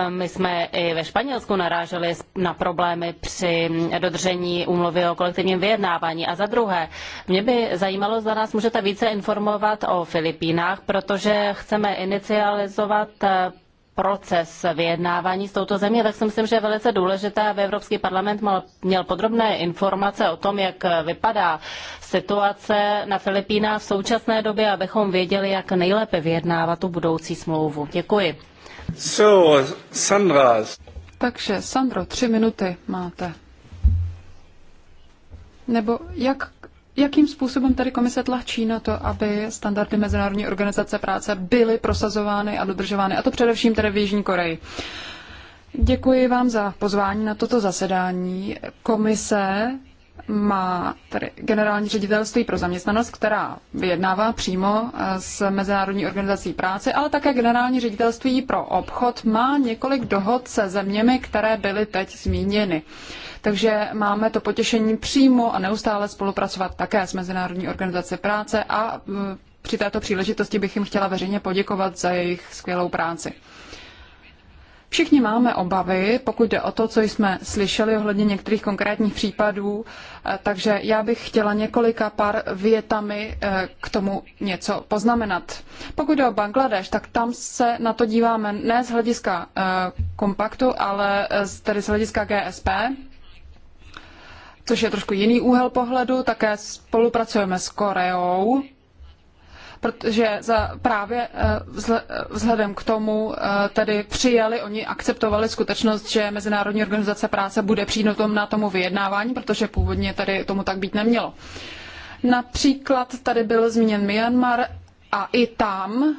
My jsme i ve Španělsku naráželi na problémy při dodržení úmluvy o kolektivním vyjednávání. A za druhé, mě by zajímalo, zda nás můžete více informovat o Filipínách, protože chceme inicializovat proces vyjednávání s touto zemí, tak si myslím, že je velice důležité, aby Evropský parlament měl podrobné informace o tom, jak vypadá situace na Filipínách v současné době, abychom věděli, jak nejlépe vyjednávat tu budoucí smlouvu. Děkuji. So, Sandra. Takže, Sandro, tři minuty máte. Nebo jak Jakým způsobem tady komise tlačí na to, aby standardy Mezinárodní organizace práce byly prosazovány a dodržovány, a to především tedy v Jižní Koreji? Děkuji vám za pozvání na toto zasedání. Komise má tedy generální ředitelství pro zaměstnanost, která vyjednává přímo s Mezinárodní organizací práce, ale také generální ředitelství pro obchod má několik dohod se zeměmi, které byly teď zmíněny. Uh, takže máme to potěšení přímo a neustále spolupracovat také s Mezinárodní organizací práce a e, při této příležitosti bych jim chtěla veřejně poděkovat za jejich skvělou práci. Všichni máme obavy, pokud jde o to, co jsme slyšeli ohledně některých konkrétních případů, e, takže já bych chtěla několika pár větami e, k tomu něco poznamenat. Pokud jde o Bangladeš, tak tam se na to díváme ne z hlediska kompaktu, ale tedy z hlediska GSP, což je trošku jiný úhel pohledu. Také spolupracujeme s Koreou, protože za, právě eh, eh, vzhledem k tomu eh, tedy přijali, oni akceptovali skutečnost, že Mezinárodní organizace práce bude přínotom na tomu vyjednávání, protože původně tady tomu tak být nemělo. Například tady byl zmíněn Myanmar a i tam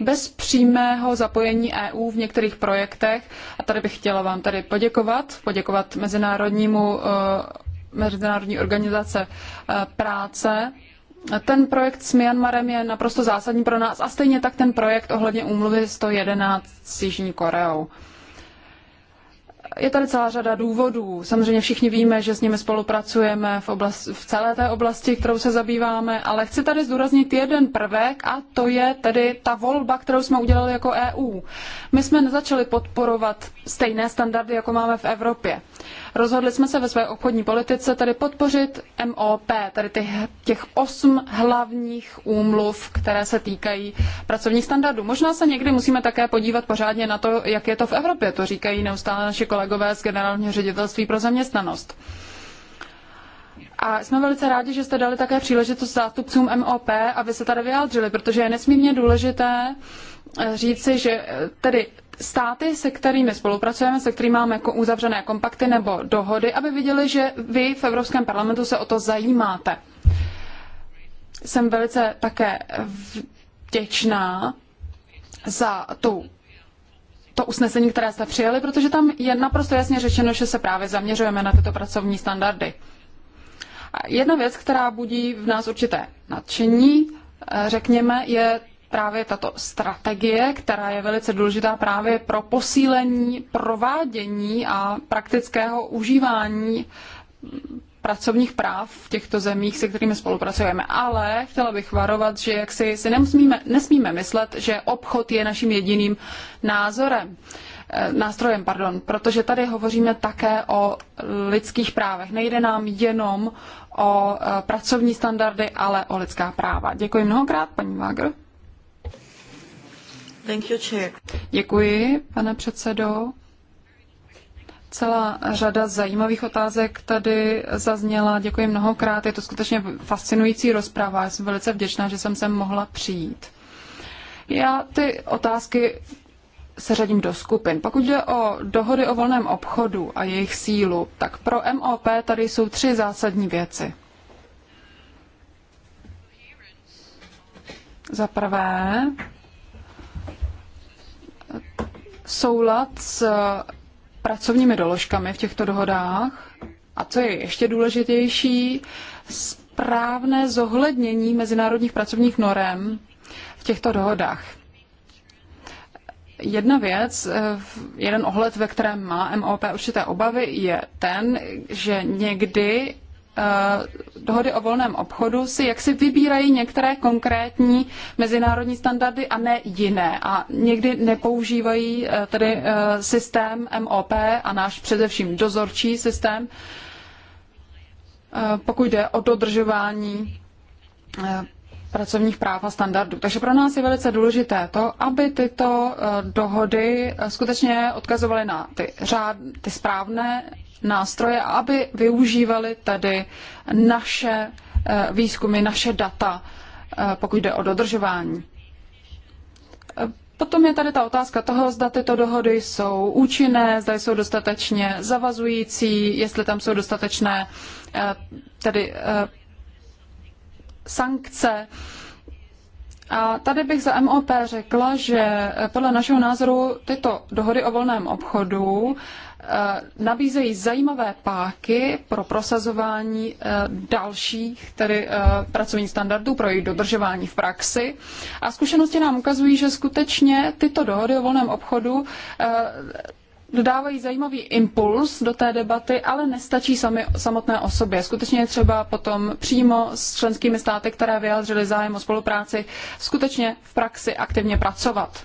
bez přímého zapojení EU v některých projektech. A tady bych chtěla vám tady poděkovat, poděkovat Mezinárodnímu, eh, Mezinárodní organizace eh, práce. Ten projekt s Myanmarem je naprosto zásadní pro nás a stejně tak ten projekt ohledně úmluvy 111 s Jižní Koreou je tady celá řada důvodů. Samozřejmě všichni víme, že s nimi spolupracujeme v, oblast, v celé té oblasti, kterou se zabýváme, ale chci tady zdůraznit jeden prvek a to je tedy ta volba, kterou jsme udělali jako EU. My jsme nezačali podporovat stejné standardy, jako máme v Evropě. Rozhodli jsme se ve své obchodní politice tedy podpořit MOP, tedy těch, těch osm hlavních úmluv, které se týkají pracovních standardů. Možná se někdy musíme také podívat pořádně na to, jak je to v Evropě. To říkají neustále naši kolegové z Generálního ředitelství pro zaměstnanost. A jsme velice rádi, že jste dali také příležitost zástupcům MOP, aby se tady vyjádřili, protože je nesmírně důležité eh, říci, že eh, tedy státy, se kterými spolupracujeme, se kterými máme uzavřené kompakty nebo dohody, aby viděli, že vy v Evropském parlamentu se o to zajímáte. Jsem velice také vděčná za tu to usnesení, které jste přijali, protože tam je naprosto jasně řečeno, že se právě zaměřujeme na tyto pracovní standardy. jedna věc, která budí v nás určité nadšení, eh, řekněme, je právě tato strategie, která je velice důležitá právě pro posílení provádění a praktického užívání mm, pracovních práv v těchto zemích, se kterými spolupracujeme. Ale chtěla bych varovat, že jak si, si nemusíme, nesmíme myslet, že obchod je naším jediným názorem eh, nástrojem, pardon, protože tady hovoříme také o lidských právech. Nejde nám jenom o eh, pracovní standardy, ale o lidská práva. Děkuji mnohokrát, paní Vágr. Thank you, chair. Děkuji, pane předsedo. Celá řada zajímavých otázek tady zazněla. Děkuji mnohokrát. Je to skutečně fascinující rozprava. jsem velice vděčná, že jsem sem mohla přijít. Já ty otázky seřadím do skupin. Pokud jde o dohody o volném obchodu a jejich sílu, tak pro MOP tady jsou tři zásadní věci. Za prvé, soulad s eh, pracovními doložkami v těchto dohodách a co je ještě důležitější, správné zohlednění mezinárodních pracovních norem v těchto dohodách. Jedna věc, eh, jeden ohled, ve kterém má MOP určité obavy, je ten, že někdy Eh, dohody o volném obchodu si jaksi vybírají některé konkrétní mezinárodní standardy a ne jiné. A někdy nepoužívají eh, tedy eh, systém MOP a náš především dozorčí systém, pokud jde o dodržování pracovních práv a standardů. Takže pro nás je velice důležité to, aby tyto eh, dohody eh, skutečně odkazovaly na ty, řád, ty správné nástroje a aby využívaly tedy naše eh, výzkumy, naše data, pokud jde o dodržování. Potom je tady ta otázka toho, zda tyto dohody jsou účinné, zda jsou dostatečně zavazující, jestli tam jsou dostatečné tedy sankce. A tady bych za MOP řekla, že eh, podle našeho názoru tyto dohody o volném obchodu eh, nabízejí zajímavé páky pro prosazování eh, dalších tedy pracovních standardů, pro jejich dodržování v praxi. A zkušenosti nám ukazují, že skutečně tyto dohody o volném obchodu dodávají zajímavý impuls do té debaty, ale nestačí sami, samotné o sobě. Skutečně je třeba potom přímo s členskými státy, které vyjádřily zájem o spolupráci, skutečně v praxi aktivně pracovat.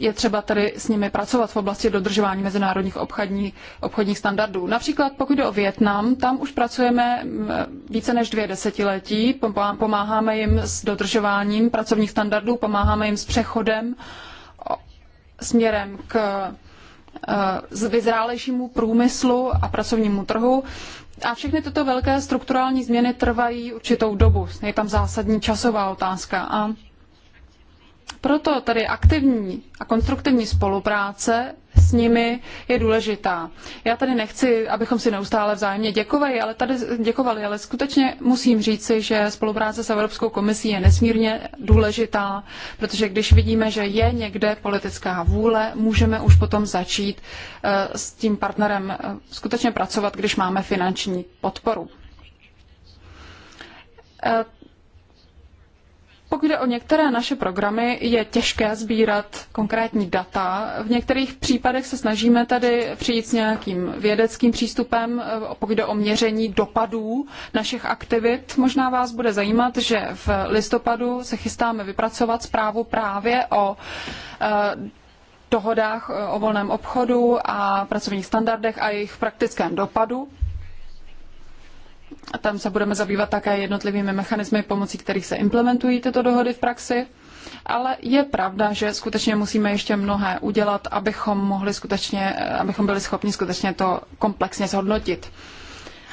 Je třeba tedy s nimi pracovat v oblasti dodržování mezinárodních obchodní, obchodních standardů. Například pokud jde o Vietnam, tam už pracujeme mm, více než dvě desetiletí, pomáháme jim s dodržováním pracovních standardů, pomáháme jim s přechodem směrem k Eh, vyzrálejšímu průmyslu a pracovnímu trhu. A všechny tyto velké strukturální změny trvají určitou dobu. Je tam zásadní časová otázka. A proto tedy aktivní a konstruktivní spolupráce s nimi je důležitá. Já tady nechci, abychom si neustále vzájemně děkovali, ale tady děkovali, ale skutečně musím říci, že spolupráce s Evropskou komisí je nesmírně důležitá, protože když vidíme, že je někde politická vůle, můžeme už potom začít eh, s tím partnerem eh, skutečně pracovat, když máme finanční podporu. Eh, pokud jde o některé naše programy, je těžké sbírat konkrétní data. V některých případech se snažíme tady přijít s nějakým vědeckým přístupem, eh, pokud jde o měření dopadů našich aktivit. Možná vás bude zajímat, že v listopadu se chystáme vypracovat zprávu právě o eh, dohodách eh, o volném obchodu a pracovních standardech a jejich praktickém dopadu. A tam se budeme zabývat také jednotlivými mechanismy, pomocí kterých se implementují tyto dohody v praxi. Ale je pravda, že skutečně musíme ještě mnohé udělat, abychom mohli skutečně, eh, abychom byli schopni skutečně to komplexně zhodnotit.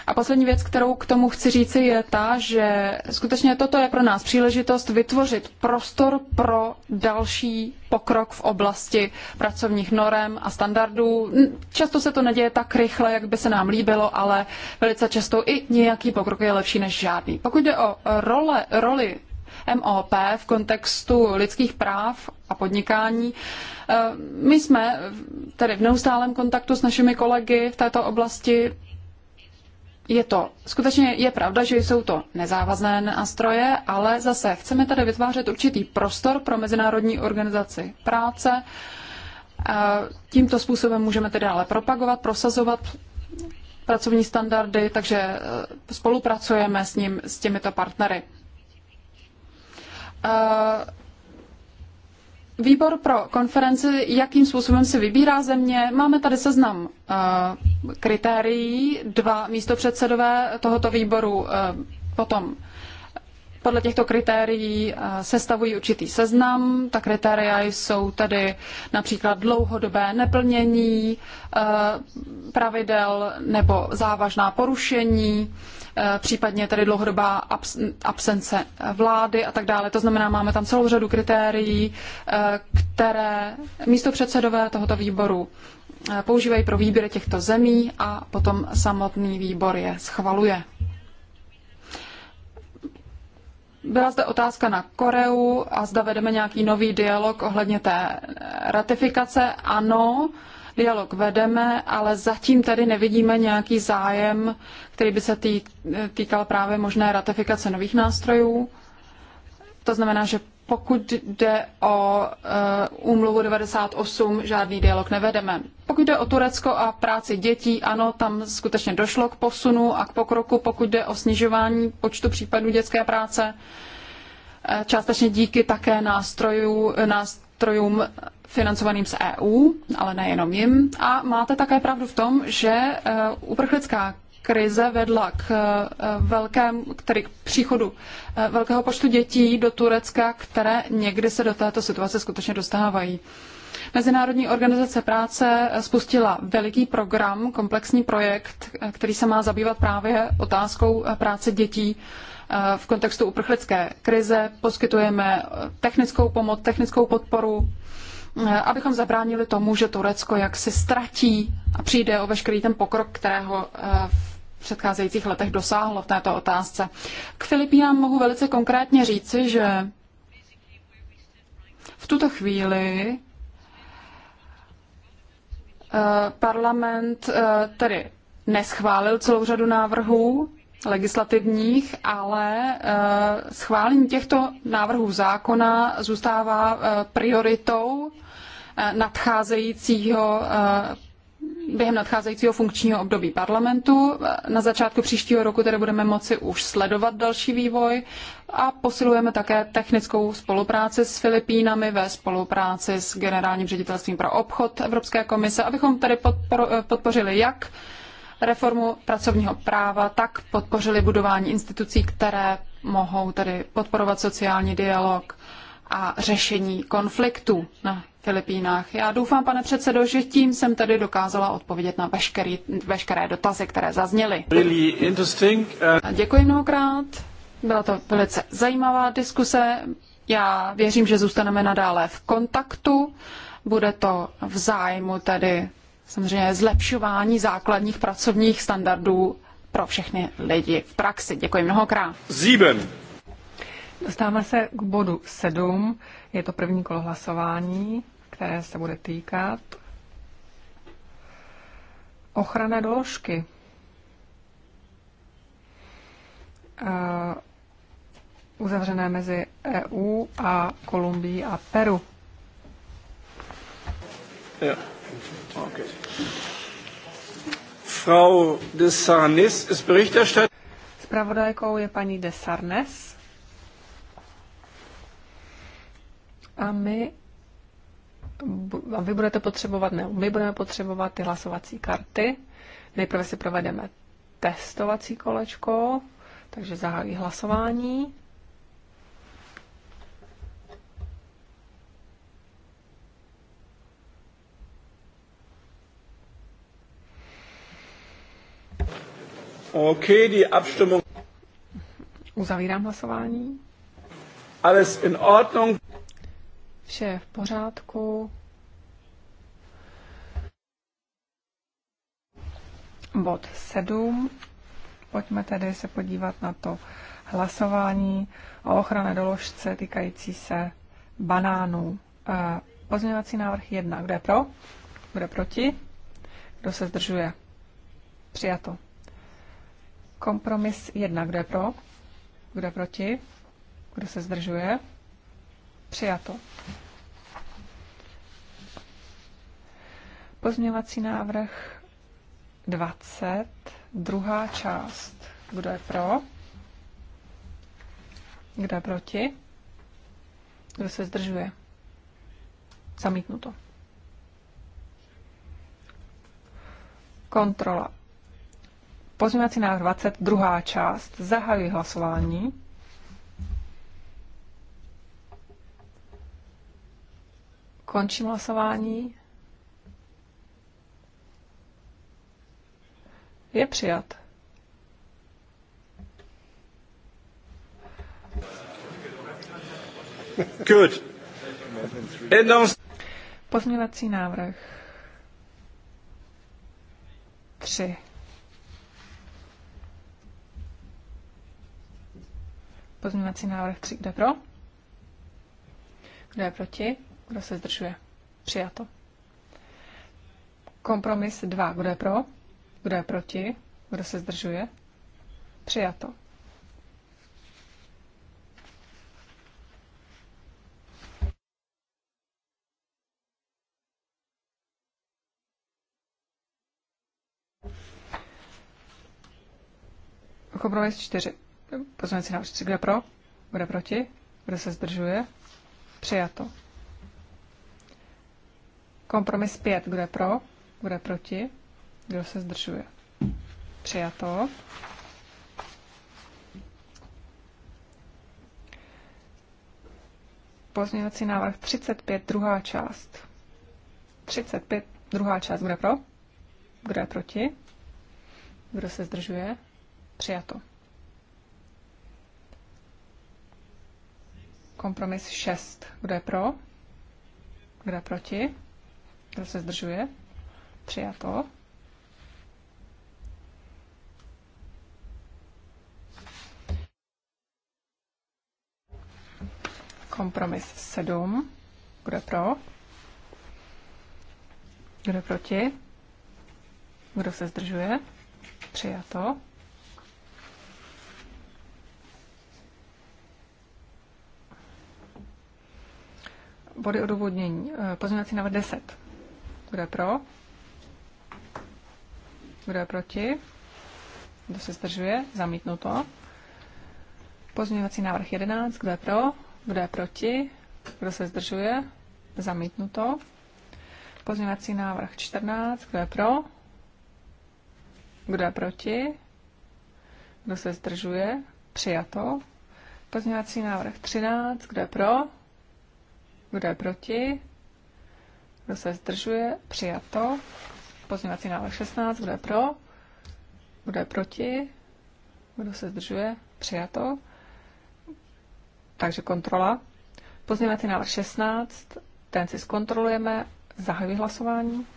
A poslední věc, kterou k tomu chci říci, je ta, že skutečně toto je pro nás příležitost vytvořit prostor pro další pokrok v oblasti pracovních norem a standardů. Často se to neděje tak rychle, jak by se nám líbilo, ale velice často i nějaký pokrok je lepší než žádný. Pokud jde o role, roli MOP v kontextu lidských práv a podnikání. Eh, my jsme tedy v neustálém kontaktu s našimi kolegy v této oblasti je to, skutečně je pravda, že jsou to nezávazné nástroje, ale zase chceme tady vytvářet určitý prostor pro Mezinárodní organizaci práce. Tímto způsobem můžeme tedy dále propagovat, prosazovat pracovní standardy, takže e, spolupracujeme s, ním, s těmito partnery výbor pro konferenci, jakým způsobem se vybírá země. Máme tady seznam eh, kritérií, dva místopředsedové tohoto výboru eh, potom podle těchto kritérií eh, sestavují určitý seznam. Ta kritéria jsou tedy například dlouhodobé neplnění eh, pravidel nebo závažná porušení, eh, případně tedy dlouhodobá absence vlády a tak dále. To znamená, máme tam celou řadu kritérií, které místo předsedové tohoto výboru používají pro výběr těchto zemí a potom samotný výbor je schvaluje. Byla zde otázka na Koreu a zda vedeme nějaký nový dialog ohledně té ratifikace. Ano, dialog vedeme, ale zatím tady nevidíme nějaký zájem, který by se týkal právě možné ratifikace nových nástrojů. To znamená, že pokud jde o eh, úmluvu uh, 98, žádný dialog nevedeme. Pokud jde o Turecko a práci dětí, ano, tam skutečně došlo k posunu a k pokroku, pokud jde o snižování počtu případů dětské práce, eh, částečně díky také nástrojů, nástrojům financovaným z EU, ale nejenom jim. A máte také pravdu v tom, že eh, uprchlická krize vedla k eh, velkém, který k příchodu eh, velkého počtu dětí do Turecka, které někdy se do této situace skutečně dostávají. Mezinárodní organizace práce eh, spustila veliký program, komplexní projekt, který se má zabývat právě otázkou práce dětí v kontextu uprchlické krize. Poskytujeme technickou pomoc, technickou podporu, abychom zabránili tomu, že Turecko jaksi ztratí a přijde o veškerý ten pokrok, kterého v předcházejících letech dosáhlo v této otázce. K Filipínám mohu velice konkrétně říci, že v tuto chvíli eh, parlament eh, tedy neschválil celou řadu návrhů legislativních, ale eh, schválení těchto návrhů zákona zůstává prioritou nadcházejícího během nadcházejícího funkčního období parlamentu. Na začátku příštího roku tedy budeme moci už sledovat další vývoj a posilujeme také technickou spolupráci s Filipínami ve spolupráci s Generálním ředitelstvím pro obchod Evropské komise, abychom tedy eh, podpořili jak reformu pracovního práva, tak podpořili budování institucí, které mohou tedy podporovat sociální dialog a řešení konfliktů na Filipínách. Já doufám, pane předsedo, že tím jsem tady dokázala odpovědět na veškerý, veškeré dotazy, které zazněly. Really interesting. Uh... Děkuji mnohokrát. Byla to velice zajímavá diskuse. Já věřím, že zůstaneme nadále v kontaktu. Bude to v zájmu tedy samozřejmě zlepšování základních pracovních standardů pro všechny lidi v praxi. Děkuji mnohokrát. Zíben. Dostáváme se k bodu 7. Je to první kolo hlasování které se bude týkat ochrana doložky. Eh, uzavřené mezi EU a Kolumbií a Peru. Ja. Okay. Frau de Sarnes ist Berichterstatter. Spravodajkou je paní de Sarnes. A my a vy budete potřebovat, ne, my budeme potřebovat ty hlasovací karty. Nejprve si provedeme testovací kolečko, takže zahájí hlasování. Okay, die Abstimmung. Uzavírám hlasování. Alles in Ordnung. Vše je v pořádku. Bod 7. Pojďme tedy se podívat na to hlasování o ochranné doložce týkající se banánů. Eh, pozměňovací návrh 1. Kdo je pro? Kdo je proti? Kdo se zdržuje? Přijato. Kompromis 1. Kdo je pro? Kdo je proti? Kdo se zdržuje? Přijato. Pozměňovací návrh 20, druhá část. Kdo je pro? Kdo je proti? Kdo se zdržuje? Zamítnuto. Kontrola. Pozměňovací návrh 20, druhá část. Zahajuji hlasování. Končím hlasování. Je přijat. Good. Pozměňovací návrh. Tři. Pozměňovací návrh tři. Kdo pro? Kdo je proti? Kdo se zdržuje? Přijato. Kompromis 2. Kdo je pro? Kdo je proti? Kdo se zdržuje? Přijato. Kompromis 4. Pozměňovací návrh 3. Kdo je pro? Kdo je proti? Kdo se zdržuje? Přijato. Kompromis 5. Kdo je pro? Kdo je proti? Kdo se zdržuje? Přijato. Pozměňovací návrh 35, druhá část. 35, druhá část. Kdo je pro? Kdo je proti? Kdo se zdržuje? Přijato. Kompromis 6. Kdo je pro? Kdo je proti? Kdo se zdržuje? Přijato. Kompromis 7. Kdo je pro? Kdo je proti? Kdo se zdržuje? Přijato. Body odůvodnění. Eh, pozměňovací návrh 10. Kdo je pro? Kdo je proti? Kdo se zdržuje? Zamítnuto. Pozměňovací návrh 11. Kdo je pro? Kdo je proti? Kdo se zdržuje? Zamítnuto. Pozměňovací návrh 14. Kdo je pro? Kdo je proti? Kdo se zdržuje? Přijato. Pozměňovací návrh 13. Kdo je pro? Kdo je proti? Kdo se zdržuje? Přijato. Pozměňovací návrh 16. Kdo je pro? Kdo je proti? Kdo se zdržuje? Přijato. Takže kontrola. Pozměňovací návrh 16. Ten si zkontrolujeme. Zahajuji hlasování.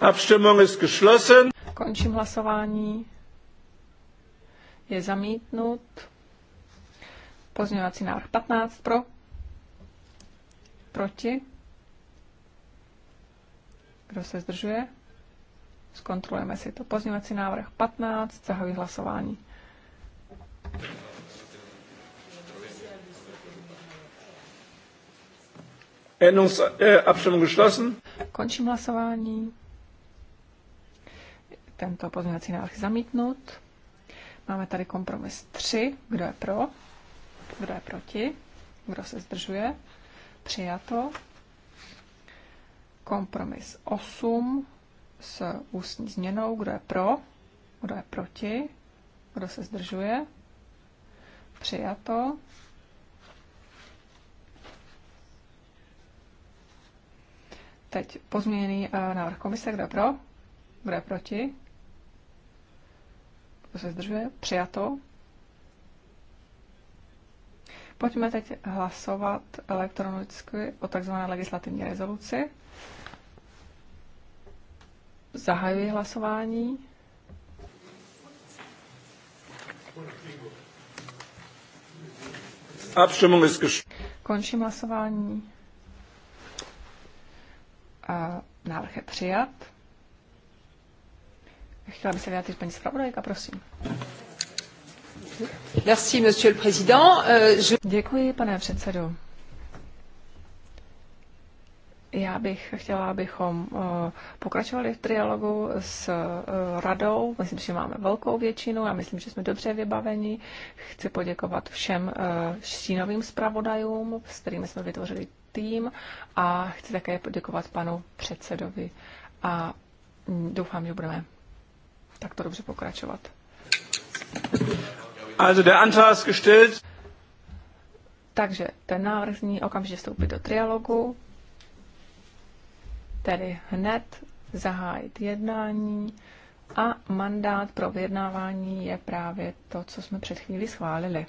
Abstimmung ist geschlossen. Končím hlasování. Je zamítnut. Pozměňovací návrh 15 pro Proti? Kdo se zdržuje? Zkontrolujeme si to. Pozněvací návrh 15, zahajuji hlasování. Äh, Končím hlasování. Tento pozměňovací návrh zamítnut. Máme tady kompromis 3. Kdo je pro? Kdo je proti? Kdo se zdržuje? Přijato. Kompromis 8 s ústní změnou. Kdo je pro? Kdo je proti? Kdo se zdržuje? Přijato. Teď pozměněný eh, návrh komise. Kdo je pro? Kdo je proti? Kdo se zdržuje? Přijato. Pojďme teď hlasovat elektronicky o tzv. legislativní rezoluci. Zahajuji hlasování. Končím hlasování. A návrh je přijat. Chtěla by se vyjádřit paní zpravodajka, prosím. Euh, Děkuji, pane předsedo. Já bych chtěla, abychom eh, pokračovali v trialogu s eh, radou. Myslím, že máme velkou většinu a myslím, že jsme dobře vybaveni. Chci poděkovat všem štínovým eh, zpravodajům, s kterými jsme vytvořili tým a chci také poděkovat panu předsedovi a mm, doufám, že budeme takto dobře pokračovat. Also der Antrag ist gestellt. Takže ten návrh zní okamžitě vstoupit do trialogu, tedy hned zahájit jednání a mandát pro vyjednávání je právě to, co jsme před chvíli schválili.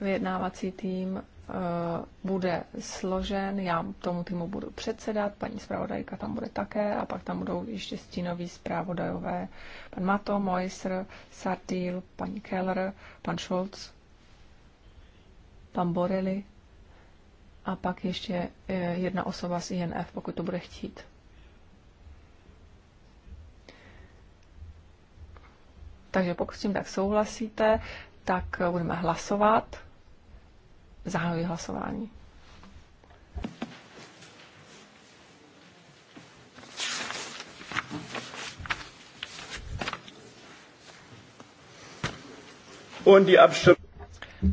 Vyjednávací tým Eh, bude složen, já tomu týmu budu předsedat, paní zpravodajka tam bude také a pak tam budou ještě stínoví zpravodajové pan Mato, Mojsr, Sartil, paní Keller, pan Scholz, pan Borelli a pak ještě eh, jedna osoba z INF, pokud to bude chtít. Takže pokud s tím tak souhlasíte, tak budeme hlasovat. Zahajuji hlasování. Und die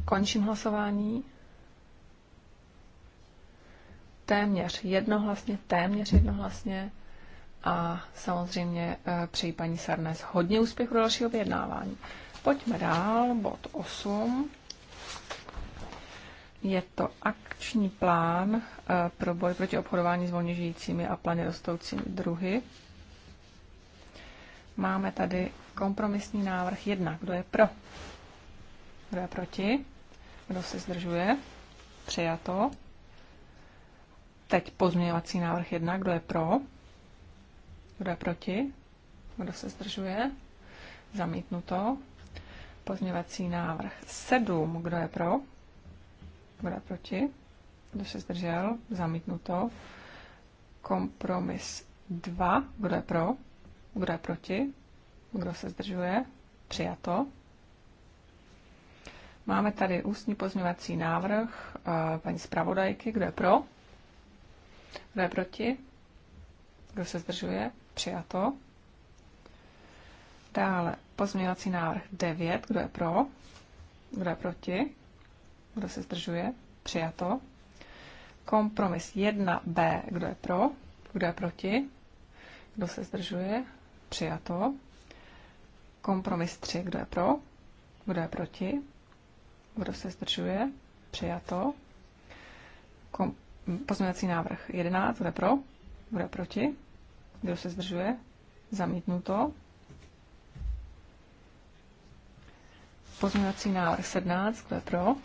Končím hlasování. Téměř jednohlasně, téměř jednohlasně. A samozřejmě eh, přeji paní Sarnes hodně úspěchu dalšího vyjednávání. Pojďme dál, bod 8. Je to akční plán eh, pro boj proti obchodování s volně žijícími a plně rostoucími druhy. Máme tady kompromisní návrh 1. Kdo je pro? Kdo je proti? Kdo se zdržuje? Přijato. Teď pozměňovací návrh 1. Kdo je pro? Kdo je proti? Kdo se zdržuje? Zamítnuto. Pozměňovací návrh 7. Kdo je pro? Kdo je proti? Kdo se zdržel? Zamítnuto. Kompromis 2. Kdo je pro? Kdo je proti? Kdo se zdržuje? Přijato. Máme tady ústní pozměvací návrh eh, paní zpravodajky. Kdo je pro? Kdo je proti? Kdo se zdržuje? Přijato. Dále pozměňovací návrh 9. Kdo je pro? Kdo je proti? Kdo se zdržuje? Přijato. Kompromis 1b. Kdo je pro? Kdo je proti? Kdo se zdržuje? Přijato. Kompromis 3. Kdo je pro? Kdo je proti? Kdo se zdržuje? Přijato. Kom- pozměňovací návrh 11. Kdo je pro? Kdo je proti? Kdo se zdržuje? Zamítnuto. Pozměňovací návrh 17. Kdo je pro?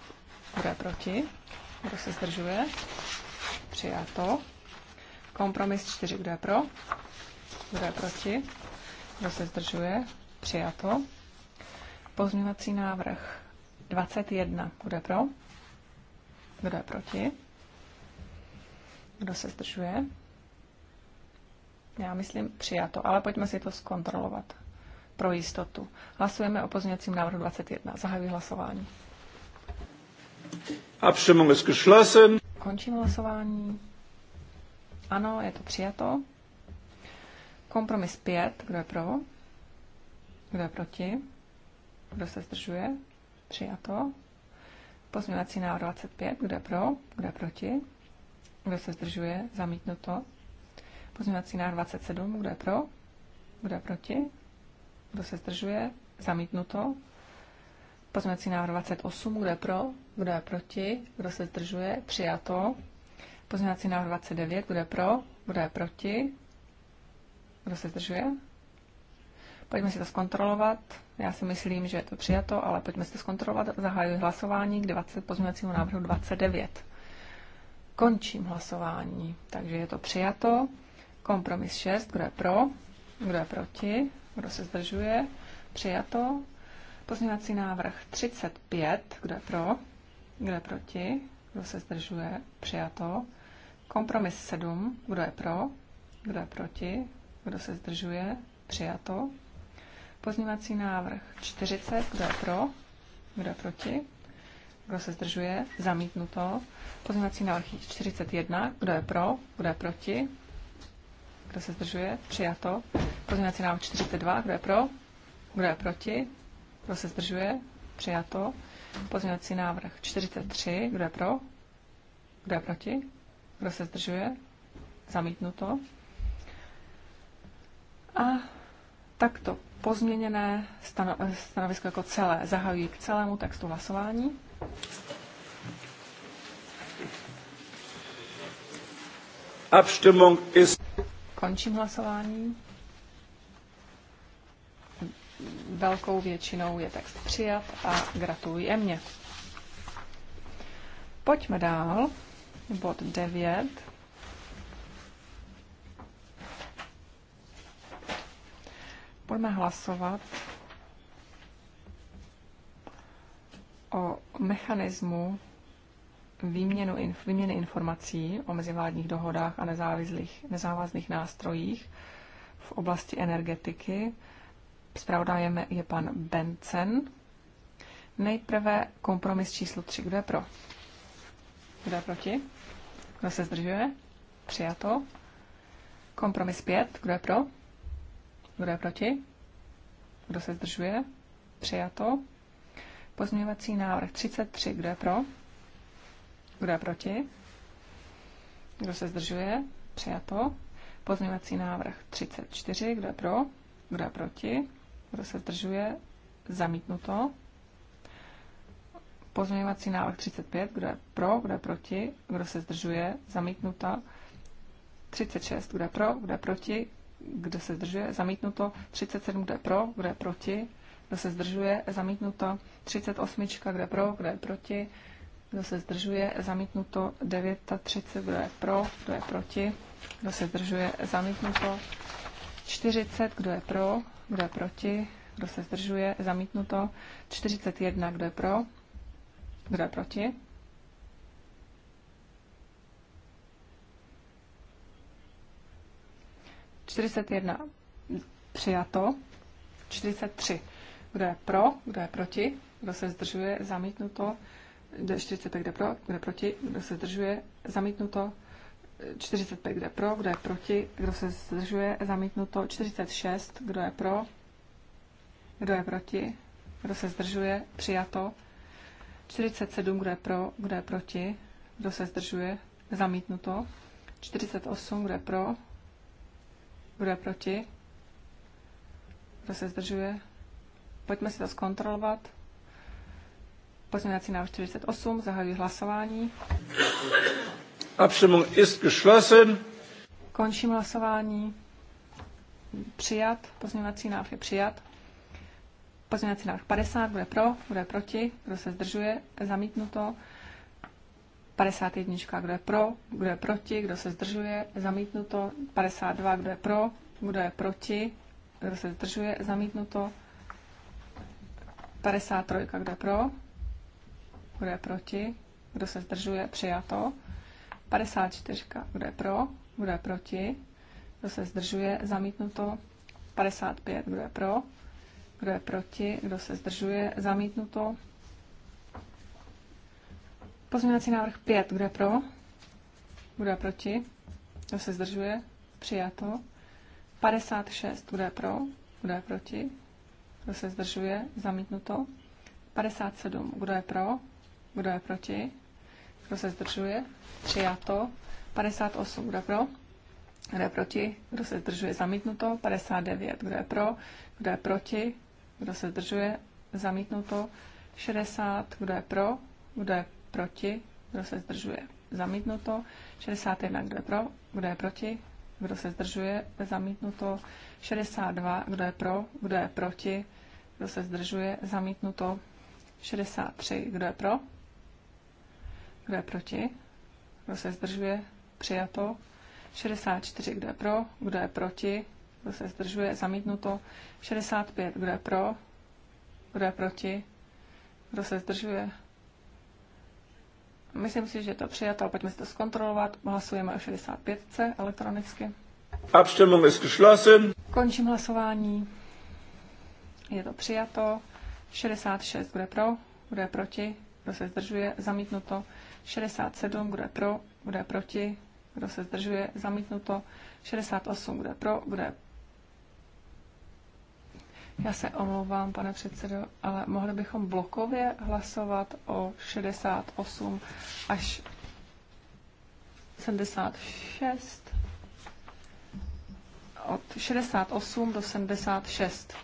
Kdo je proti? Kdo se zdržuje? Přijato. Kompromis 4. Kdo je pro? Kdo je proti? Kdo se zdržuje? Přijato. Pozměňovací návrh 21. Kdo je pro? Kdo je proti? Kdo se zdržuje? Já myslím přijato, ale pojďme si to zkontrolovat pro jistotu. Hlasujeme o pozměňovacím návrhu 21. Zahajuji hlasování. Abstimmung ist geschlossen. Končím hlasování. Ano, je to přijato. Kompromis 5. Kdo je pro? Kdo je proti? Kdo se zdržuje? Přijato. Pozměňovací návrh 25. Kdo je pro? Kdo je proti? Kdo se zdržuje? Zamítnuto. Pozměňovací návrh 27. Kdo je pro? Kdo je proti? Kdo se zdržuje? Zamítnuto. Pozměňovací návrh 28, kdo je pro, kdo je proti, kdo se zdržuje, přijato. Pozměňovací návrh 29, kdo je pro, kdo je proti, kdo se zdržuje. Pojďme si to zkontrolovat. Já si myslím, že je to přijato, ale pojďme si to zkontrolovat. Zahajuji hlasování k 20 pozměňovacímu návrhu 29. Končím hlasování, takže je to přijato. Kompromis 6, kdo je pro, kdo je proti, kdo se zdržuje, přijato. Pozměňovací návrh 35, kdo je pro, kdo je proti, kdo se zdržuje, přijato. Kompromis 7, kdo je pro, kdo je proti, kdo se zdržuje, přijato. Pozměňovací návrh 40, kdo je pro, kdo je proti, kdo se zdržuje, zamítnuto. Pozměňovací návrh 41, kdo je pro, kdo je proti, kdo se zdržuje, přijato. Pozměňovací návrh 42, kdo je pro, kdo je proti, kdo se zdržuje? Přijato. Pozměňovací návrh 43. Kdo je pro? Kdo je proti? Kdo se zdržuje? Zamítnuto. A takto pozměněné stano, stanovisko jako celé zahajují k celému textu hlasování. Abstimmung ist... Končím hlasování velkou většinou je text přijat a gratuluji mě. Pojďme dál. Bod 9. Pojďme hlasovat o mechanismu výměnu, výměny informací o mezivládních dohodách a nezávislých, nezávazných nástrojích v oblasti energetiky Spravodajem je pan Bencen. Nejprve kompromis číslo 3. Kdo je pro? Kdo je proti? Kdo se zdržuje? Přijato. Kompromis 5. Kdo je pro? Kdo je proti? Kdo se zdržuje? Přijato. Pozměňovací návrh 33. Kdo je pro? Kdo je proti? Kdo se zdržuje? Přijato. Pozměňovací návrh 34. Kdo je pro? Kdo je proti? Kdo se zdržuje? Zamítnuto. Pozměňovací návrh 35. Kdo je pro? Kdo je proti? Kdo se zdržuje? Zamítnuto. 36. Kdo je pro? Kdo je proti? Kdo se zdržuje? Zamítnuto. 37. Kdo je pro? Kdo je proti? Kdo se zdržuje? Zamítnuto. 38. Kdo je pro? Kdo je proti? Kdo se zdržuje? Zamítnuto. 39. Kdo je pro? Kdo je proti? Kdo se zdržuje? Zamítnuto. 40. Kdo je pro? kdo je proti, kdo se zdržuje, zamítnuto. 41, kdo je pro, kdo je proti. Čtyřicet jedna přijato. 43. Kdo je pro, kdo je proti, kdo se zdržuje, zamítnuto. 45, kdo je pro, kdo je proti, kdo se zdržuje, zamítnuto. 45, kdo je pro, kdo je proti, kdo se zdržuje, zamítnuto. 46, kdo je pro, kdo je proti, kdo se zdržuje, přijato. 47, kdo je pro, kdo je proti, kdo se zdržuje, zamítnuto. 48, kdo je pro, kdo je proti, kdo se zdržuje. Pojďme si to zkontrolovat. Pozměňovací návrh 48, zahajuji hlasování. Abstimmung ist geschlossen. Končím hlasování. Přijat. Pozměňovací návrh je přijat. Pozměňovací návrh 50 bude pro, bude proti, kdo se zdržuje, zamítnuto. 51, kdo je pro, kdo je proti, kdo se zdržuje, zamítnuto. 52, kdo je pro, kdo je proti, kdo se zdržuje, zamítnuto. 53, kdo je pro, kdo je proti, kdo se zdržuje, přijato. 54. Kdo je pro? Kdo je proti? Kdo se zdržuje? Zamítnuto. 55. Kdo je pro? Kdo je proti? Kdo se zdržuje? Zamítnuto. Pozměňovací návrh 5. Kdo je pro? Kdo je proti? Kdo se zdržuje? Přijato. 56. Kdo je pro? Kdo je proti? Kdo se zdržuje? Zamítnuto. 57. Kdo je pro? Kdo je proti? Kdo se zdržuje? Přijato. 58. Kdo je pro? Kdo je proti? Kdo se zdržuje? Zamítnuto. 59. Kdo je pro? Kdo je proti? Kdo se zdržuje? Zamítnuto. 60. Kdo je pro? Kdo je proti? Kdo se zdržuje? Zamítnuto. 61. Kdo je pro? Kdo je proti? Kdo se zdržuje? Zamítnuto. 62. Kdo je pro? Kdo je proti? Kdo se zdržuje? Zamítnuto. 63. Kdo je pro? Kdo je proti? Kdo se zdržuje? Přijato. 64, kdo je pro? Kdo je proti? Kdo se zdržuje? Zamítnuto. 65, kdo je pro? Kdo je proti? Kdo se zdržuje? Myslím si, že je to přijato, pojďme si to zkontrolovat. Hlasujeme o 65C elektronicky. Abstimmung ist geschlossen. Končím hlasování. Je to přijato. 66, kdo je pro? Kdo je proti? Kdo se zdržuje? Zamítnuto. 67, kdo je pro, kdo je proti, kdo se zdržuje, zamítnuto. 68, kdo je pro, kdo je já se omlouvám, pane předsedo, ale mohli bychom blokově hlasovat o 68 až 76. Od 68 do 76.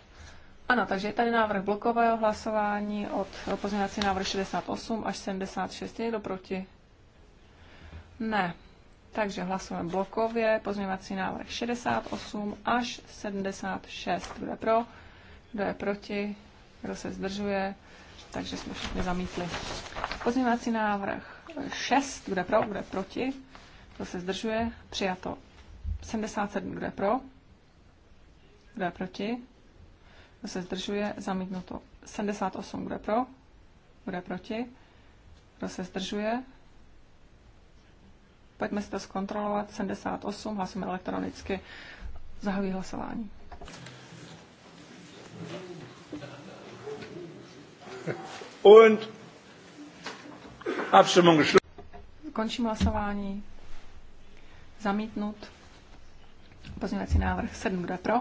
Ano, takže je tady návrh blokového hlasování od eh, pozměňovací návrh 68 až 76. Je někdo proti? Ne. Takže hlasujeme blokově. Pozměňovací návrh 68 až 76. Kdo je pro? Kdo je proti? Kdo se zdržuje? Takže jsme všichni zamítli. Pozměňovací návrh 6. Kdo je pro? Kdo je proti? Kdo se zdržuje? Přijato. 77. Kdo je pro? Kdo je proti? kdo se zdržuje, zamítnuto. 78, bude pro, bude je proti, kdo se zdržuje. Pojďme si to zkontrolovat. 78, hlasujeme elektronicky. Zahajuji hlasování. Und Abstimmung Končím hlasování. Zamítnut. Pozměňovací návrh 7. bude pro?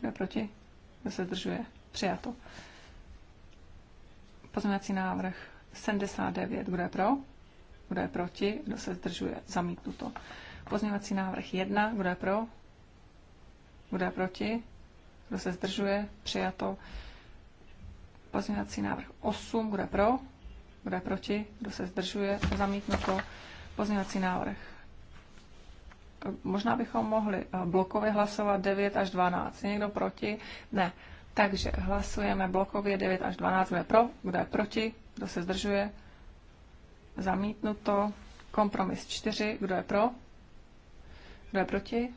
Bude je proti? Kdo se zdržuje? Přijato. Pozměňovací návrh 79. Kdo je pro? Kdo je proti? Kdo se zdržuje? Zamítnuto. Pozměňovací návrh 1. Kdo je pro? Kdo je proti? Kdo se zdržuje? Přijato. Pozměňovací návrh 8. Kdo je pro? Kdo je proti? Kdo se zdržuje? Zamítnuto. Pozměňovací návrh Možná bychom mohli eh, blokově hlasovat 9 až 12. Je někdo proti? Ne. Takže hlasujeme blokově 9 až 12. Kdo je pro? Kdo je proti? Kdo se zdržuje? Zamítnuto. Kompromis 4. Kdo je pro? Kdo je proti?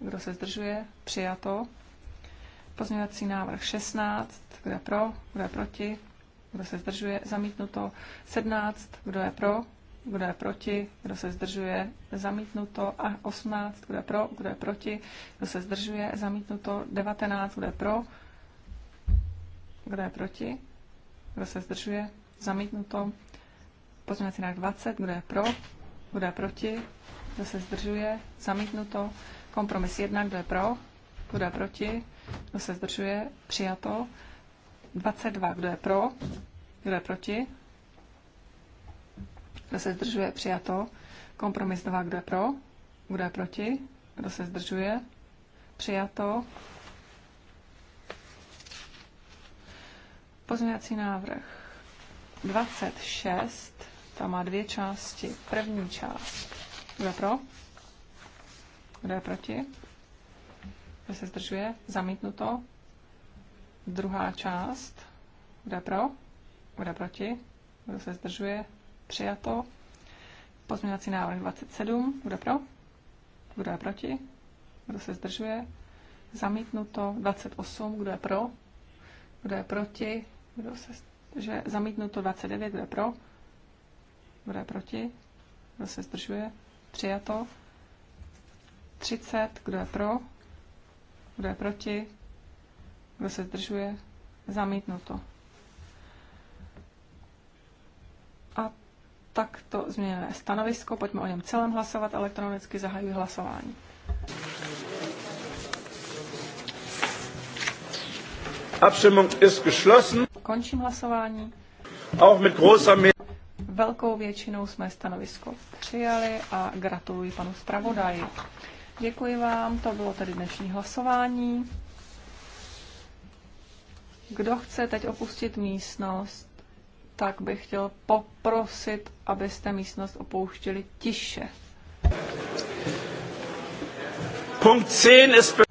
Kdo se zdržuje? Přijato. Pozměňovací návrh 16. Kdo je pro? Kdo je proti? Kdo se zdržuje? Zamítnuto. 17. Kdo je pro? kdo je proti, kdo se zdržuje, zamítnuto. A 18, kdo je pro, kdo je proti, kdo se zdržuje, zamítnuto. 19, kdo je pro, kdo je proti, kdo se zdržuje, zamítnuto. Pozměňovací návrh 20, kdo je pro, kdo je proti, kdo se zdržuje, zamítnuto. Kompromis 1, kdo je pro, kdo je proti, kdo se zdržuje, přijato. 22, kdo je pro, kdo je proti, kdo se zdržuje? Přijato. Kompromis 2. Kdo je pro? Kdo je proti? Kdo se zdržuje? Přijato. Pozměňovací návrh 26. Tam má dvě části. První část. Kdo je pro? Kdo je proti? Kdo se zdržuje? Zamítnuto. Druhá část. Kdo je pro? Kdo je proti? Kdo se zdržuje? Přijato. Pozměňovací návrh 27. Kdo pro? Kdo je proti? Kdo se zdržuje? Zamítnuto. 28. Kdo je pro? Kdo je proti? Kdo se že zamítnuto 29, kdo je pro, kdo je proti, kdo se zdržuje, přijato. 30, kdo je pro, kdo je proti, kdo se zdržuje, zamítnuto. A takto změněné stanovisko. Pojďme o něm celém hlasovat. Elektronicky zahajuji hlasování. Abstimmung ist geschlossen. Končím hlasování. Auch mit großer Velkou většinou jsme stanovisko přijali a gratuluji panu zpravodaji. Děkuji vám, to bylo tedy dnešní hlasování. Kdo chce teď opustit místnost, tak bych chtěl poprosit, abyste místnost opouštěli tiše. Punkt 10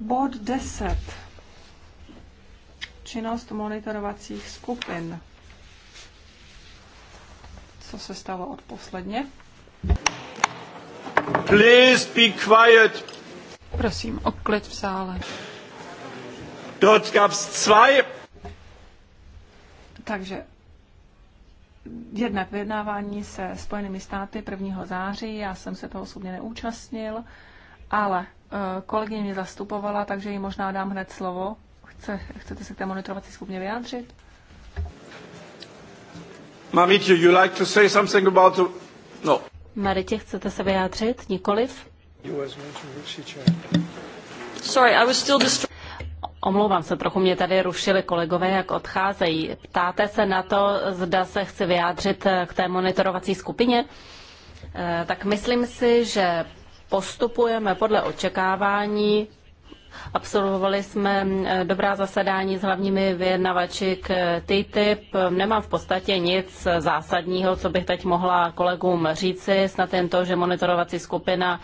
Bod 10. Činnost monitorovacích skupin. Co se stalo od posledně? Please be quiet. Prosím, o klid v sále. Dort gab's zwei. Takže jednak vyjednávání se Spojenými státy 1. září, já jsem se toho osobně neúčastnil, ale eh, kolegyně mě zastupovala, takže jí možná dám hned slovo. Chce, chcete se k té monitorovací skupině vyjádřit? Maritě, you like to say something about the... No. Maritě, chcete se vyjádřit? Nikoliv? Sorry, I was still distra- Omlouvám se, trochu mě tady rušili kolegové, jak odcházejí. Ptáte se na to, zda se chci vyjádřit eh, k té monitorovací skupině? Eh, tak myslím si, že postupujeme podle očekávání. Absolvovali jsme eh, dobrá zasedání s hlavními vyjednavači k TTIP. Nemám v podstatě nic zásadního, co bych teď mohla kolegům říci. Snad jen to, že monitorovací skupina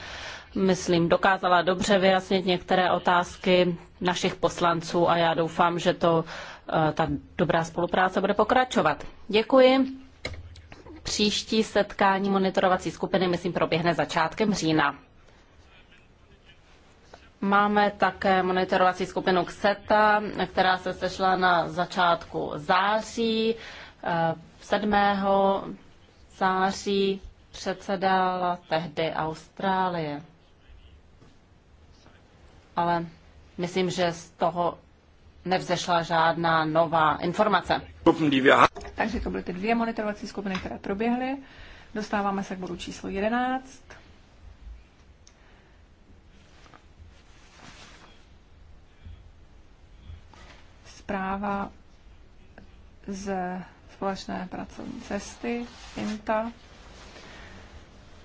myslím, dokázala dobře vyjasnit některé otázky našich poslanců a já doufám, že to eh, ta dobrá spolupráce bude pokračovat. Děkuji. Příští setkání monitorovací skupiny, myslím, proběhne začátkem října. Máme také monitorovací skupinu XETA, která se sešla na začátku září. 7. Eh, září předsedala tehdy Austrálie ale myslím, že z toho nevzešla žádná nová informace. Takže to byly ty dvě monitorovací skupiny, které proběhly. Dostáváme se k bodu číslo 11. Zpráva z společné pracovní cesty INTA.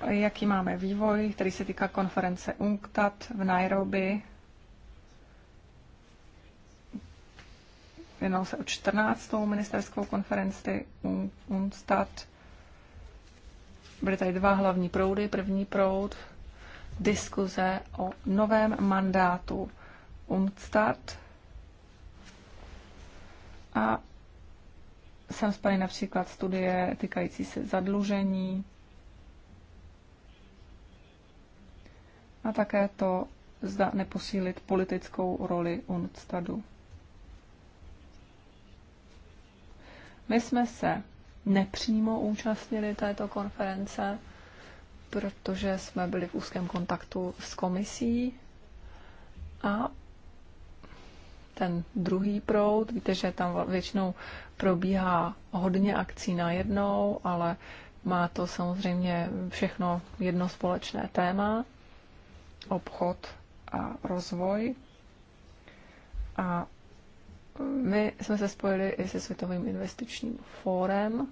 Jaký máme vývoj, který se týká konference UNCTAD v Nairobi Jednalo se o 14. ministerskou konferenci UNSTAT. Byly tady dva hlavní proudy. První proud diskuze o novém mandátu UNSTAT. A sem spali například studie týkající se zadlužení a také to, zda neposílit politickou roli UNSTADu. My jsme se nepřímo účastnili této konference, protože jsme byli v úzkém kontaktu s komisí a ten druhý proud, víte, že tam většinou probíhá hodně akcí najednou, ale má to samozřejmě všechno jedno společné téma, obchod a rozvoj. A my jsme se spojili i se Světovým investičním fórem.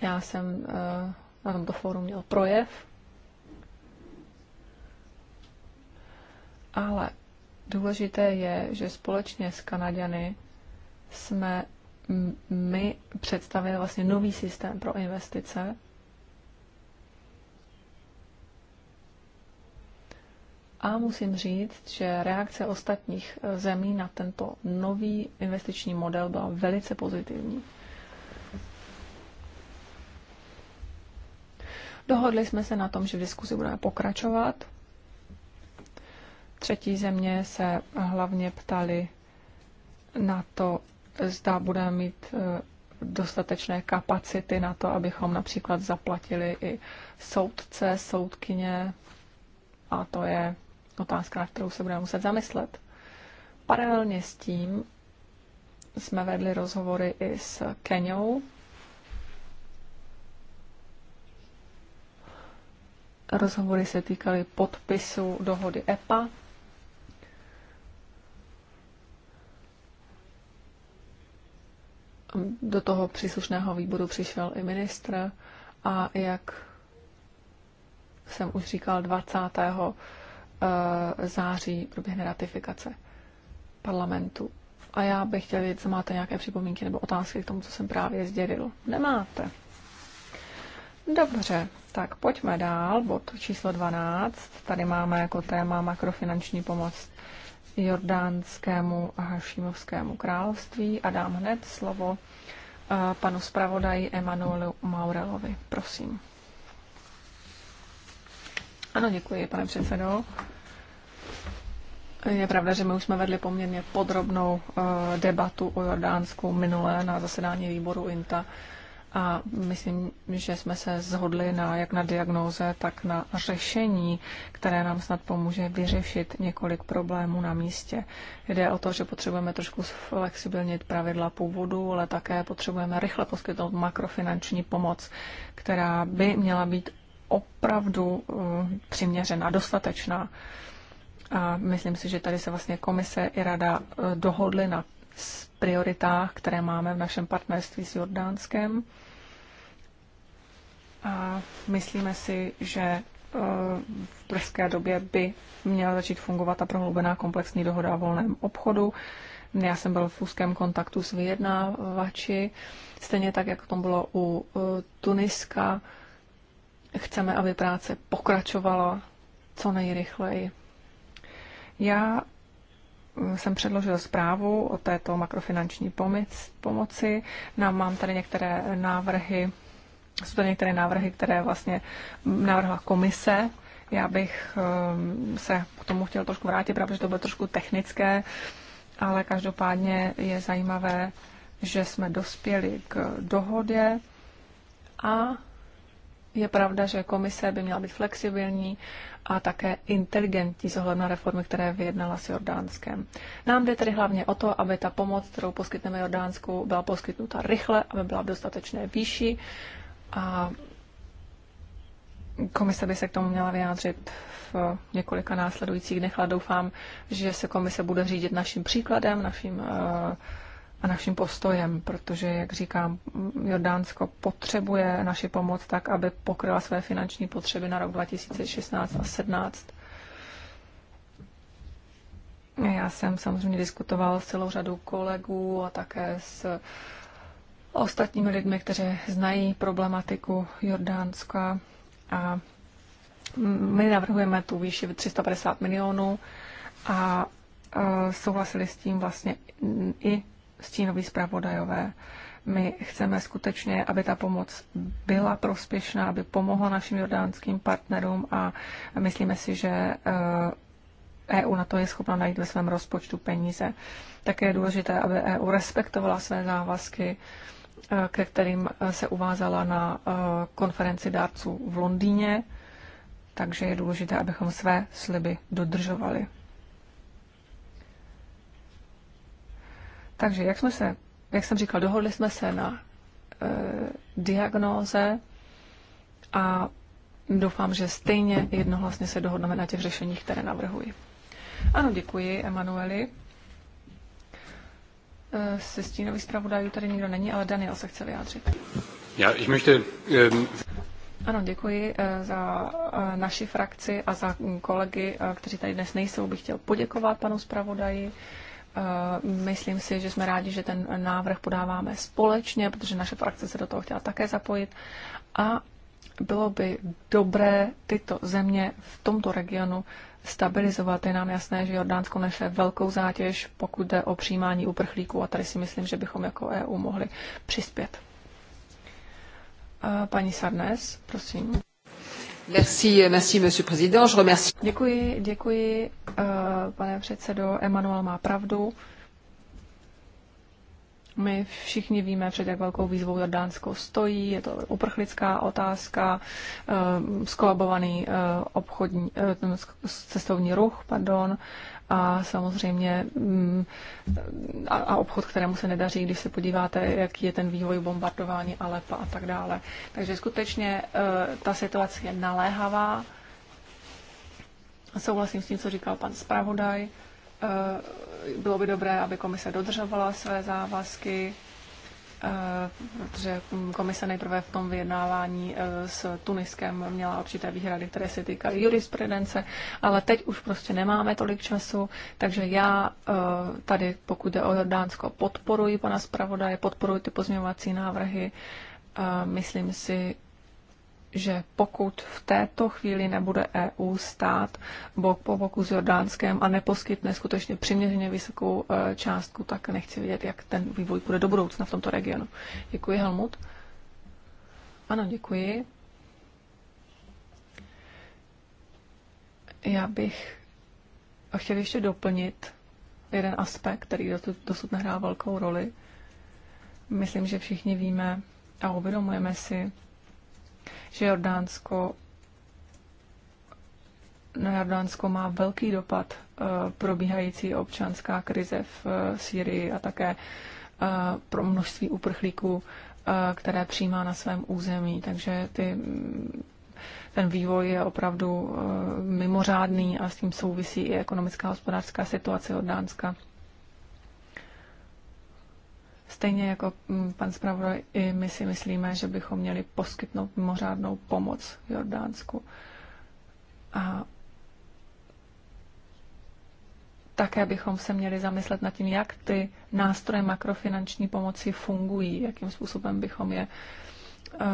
Já jsem eh, na tomto fóru měl projev, ale důležité je, že společně s Kanaděny jsme my představili vlastně nový systém pro investice, A musím říct, že reakce ostatních eh, zemí na tento nový investiční model byla velice pozitivní. Dohodli jsme se na tom, že v diskuzi budeme pokračovat. Třetí země se hlavně ptali na to, zda budeme mít eh, dostatečné kapacity na to, abychom například zaplatili i soudce, soudkyně, a to je otázka, na kterou se budeme muset zamyslet. Paralelně s tím jsme vedli rozhovory i s Kenou. Rozhovory se týkaly podpisu dohody EPA. Do toho příslušného výboru přišel i ministr a jak jsem už říkal, 20. Eh, září proběhne ratifikace parlamentu. A já bych chtěl vědět, co máte nějaké připomínky nebo otázky k tomu, co jsem právě sdělil. Nemáte. Dobře, tak pojďme dál, bod číslo 12. Tady máme jako téma makrofinanční pomoc Jordánskému a Hašimovskému království a dám hned slovo eh, panu zpravodaji Emanuelu Maurelovi. Prosím. Ano, děkuji, pane předsedo. Je pravda, že my už jsme vedli poměrně podrobnou eh, debatu o Jordánsku minulé na zasedání výboru INTA a myslím, že jsme se zhodli na, jak na diagnóze, tak na řešení, které nám snad pomůže vyřešit několik problémů na místě. Jde o to, že potřebujeme trošku flexibilnit pravidla původu, ale také potřebujeme rychle poskytnout makrofinanční pomoc, která by měla být opravdu eh, přiměřená, dostatečná. A myslím si, že tady se vlastně komise i rada eh, dohodly na prioritách, které máme v našem partnerství s Jordánskem. A myslíme si, že eh, v brzké době by měla začít fungovat ta prohloubená komplexní dohoda o volném obchodu. Já jsem byl v úzkém kontaktu s vyjednávači, stejně tak, jak to bylo u Tuniska Chceme, aby práce pokračovala co nejrychleji. Já mm, jsem předložil zprávu o této makrofinanční pomoc, pomoci. Nám mám tady některé návrhy, jsou tady některé návrhy, které vlastně navrhla komise. Já bych mm, se k tomu chtěl trošku vrátit, protože to bylo trošku technické, ale každopádně je zajímavé, že jsme dospěli k dohodě a je pravda, že komise by měla být flexibilní a také inteligentní z na reformy, které vyjednala s Jordánskem. Nám jde tedy hlavně o to, aby ta pomoc, kterou poskytneme Jordánsku, byla poskytnuta rychle, aby byla v dostatečné výši a komise by se k tomu měla vyjádřit v několika následujících dnech a doufám, že se komise bude řídit naším příkladem, naším uh, a naším postojem, protože, jak říkám, Jordánsko potřebuje naši pomoc tak, aby pokryla své finanční potřeby na rok 2016 a 2017. Já jsem samozřejmě diskutoval s celou řadou kolegů a také s ostatními lidmi, kteří znají problematiku Jordánska a my navrhujeme tu výši 350 milionů a souhlasili s tím vlastně i stínoví zpravodajové. My chceme skutečně, aby ta pomoc byla prospěšná, aby pomohla našim jordánským partnerům a myslíme si, že EU eh, e na to je schopna najít ve svém rozpočtu peníze. Také je důležité, aby EU respektovala své závazky, eh, ke kterým eh, se uvázala na konferenci dárců v Londýně, takže je důležité, abychom své sliby dodržovali. Takže jak jsme se, jak jsem říkal, dohodli jsme se na e, diagnóze a doufám, že stejně jednohlasně se dohodneme na těch řešeních, které navrhuji. Ano, děkuji, Emanueli. E, se stínový zpravodajů tady nikdo není, ale Daniel se chce vyjádřit. Já, ich möchte, um... Ano, děkuji eh, za naši frakci a za kolegy, kteří tady dnes nejsou. Bych chtěl poděkovat panu zpravodaji Eh, myslím si, že jsme rádi, že ten návrh podáváme společně, protože naše frakce se do toho chtěla také zapojit. A bylo by dobré tyto země v tomto regionu stabilizovat. Je nám jasné, že Jordánsko nese velkou zátěž, pokud jde o přijímání uprchlíků a tady si myslím, že bychom jako EU mohli přispět. Eh, paní Sarnes, prosím. Děkuji, Děkuji, děkuji, eh, pane předsedo. Emanuel má pravdu. My všichni víme, před jak velkou výzvou Jordánsko stojí, je to uprchlická otázka, eh, skolabovaný eh, obchodní, cestovní ruch, pardon, a samozřejmě mm, a, obchod, kterému se nedaří, když se podíváte, jaký je ten vývoj bombardování Alepa a tak dále. Takže skutečně eh, ta situace je naléhavá. Souhlasím s tím, co říkal pan zpravodaj. Eh, bylo by dobré, aby komise dodržovala své závazky, Eh, protože komise nejprve v tom vyjednávání eh, s Tuniskem měla určité výhrady, které se týkají jurisprudence, ale teď už prostě nemáme tolik času, takže já eh, tady, pokud jde o Jordánsko, podporuji pana zpravodaje, podporuji ty pozměňovací návrhy. Myslím si, že pokud v této chvíli nebude EU stát bok po boku s Jordánskem a neposkytne skutečně přiměřeně vysokou e, částku, tak nechci vidět, jak ten vývoj bude do budoucna v tomto regionu. Děkuji, Helmut. Ano, děkuji. Já bych chtěl ještě doplnit jeden aspekt, který dosud nehrál velkou roli. Myslím, že všichni víme a uvědomujeme si, že Jordánsko na Jordánsko má velký dopad eh, probíhající občanská krize v eh, Sýrii a také eh, pro množství uprchlíků, které přijímá na svém území. Takže ty, mm, ten vývoj je opravdu mimořádný a s tím souvisí i ekonomická a hospodářská situace Jordánska. Stejně jako mm, pan zpravodaj, i my si myslíme, že bychom měli poskytnout mimořádnou pomoc Jordánsku. A také bychom se měli zamyslet nad tím, jak ty nástroje makrofinanční pomoci fungují, jakým způsobem bychom je eh,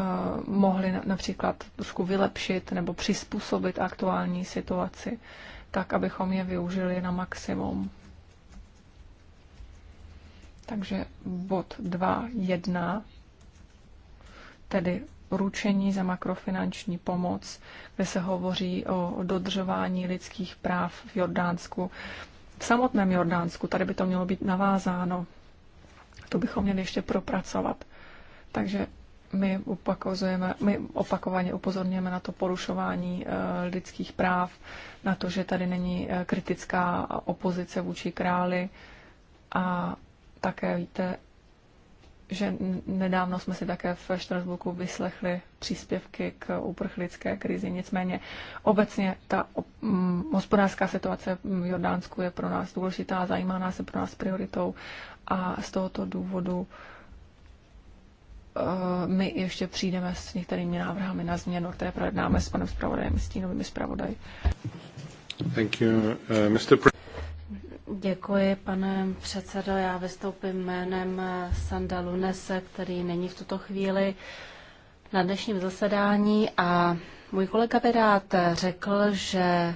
mohli například trošku vylepšit nebo přizpůsobit aktuální situaci, tak abychom je využili na maximum. Takže bod 2.1, tedy ručení za makrofinanční pomoc, kde se hovoří o dodržování lidských práv v Jordánsku. V samotném Jordánsku, tady by to mělo být navázáno. To bychom měli ještě propracovat. Takže my, opakujeme, my opakovaně upozorňujeme na to porušování eh, lidských práv, na to, že tady není eh, kritická opozice vůči králi a také víte, že nedávno jsme si také v Štrasburku vyslechli příspěvky k uprchlické krizi. Nicméně obecně ta hospodářská situace v Jordánsku je pro nás důležitá, zajímá nás je pro nás prioritou a z tohoto důvodu eh, my ještě přijdeme s některými návrhami na změnu, které projednáme s panem zpravodajem, s tím novými zpravodaji. Thank you, uh, Mr. Děkuji, pane předsedo. Já vystoupím jménem Sanda Lunese, který není v tuto chvíli na dnešním zasedání a můj kolega Pirát řekl, že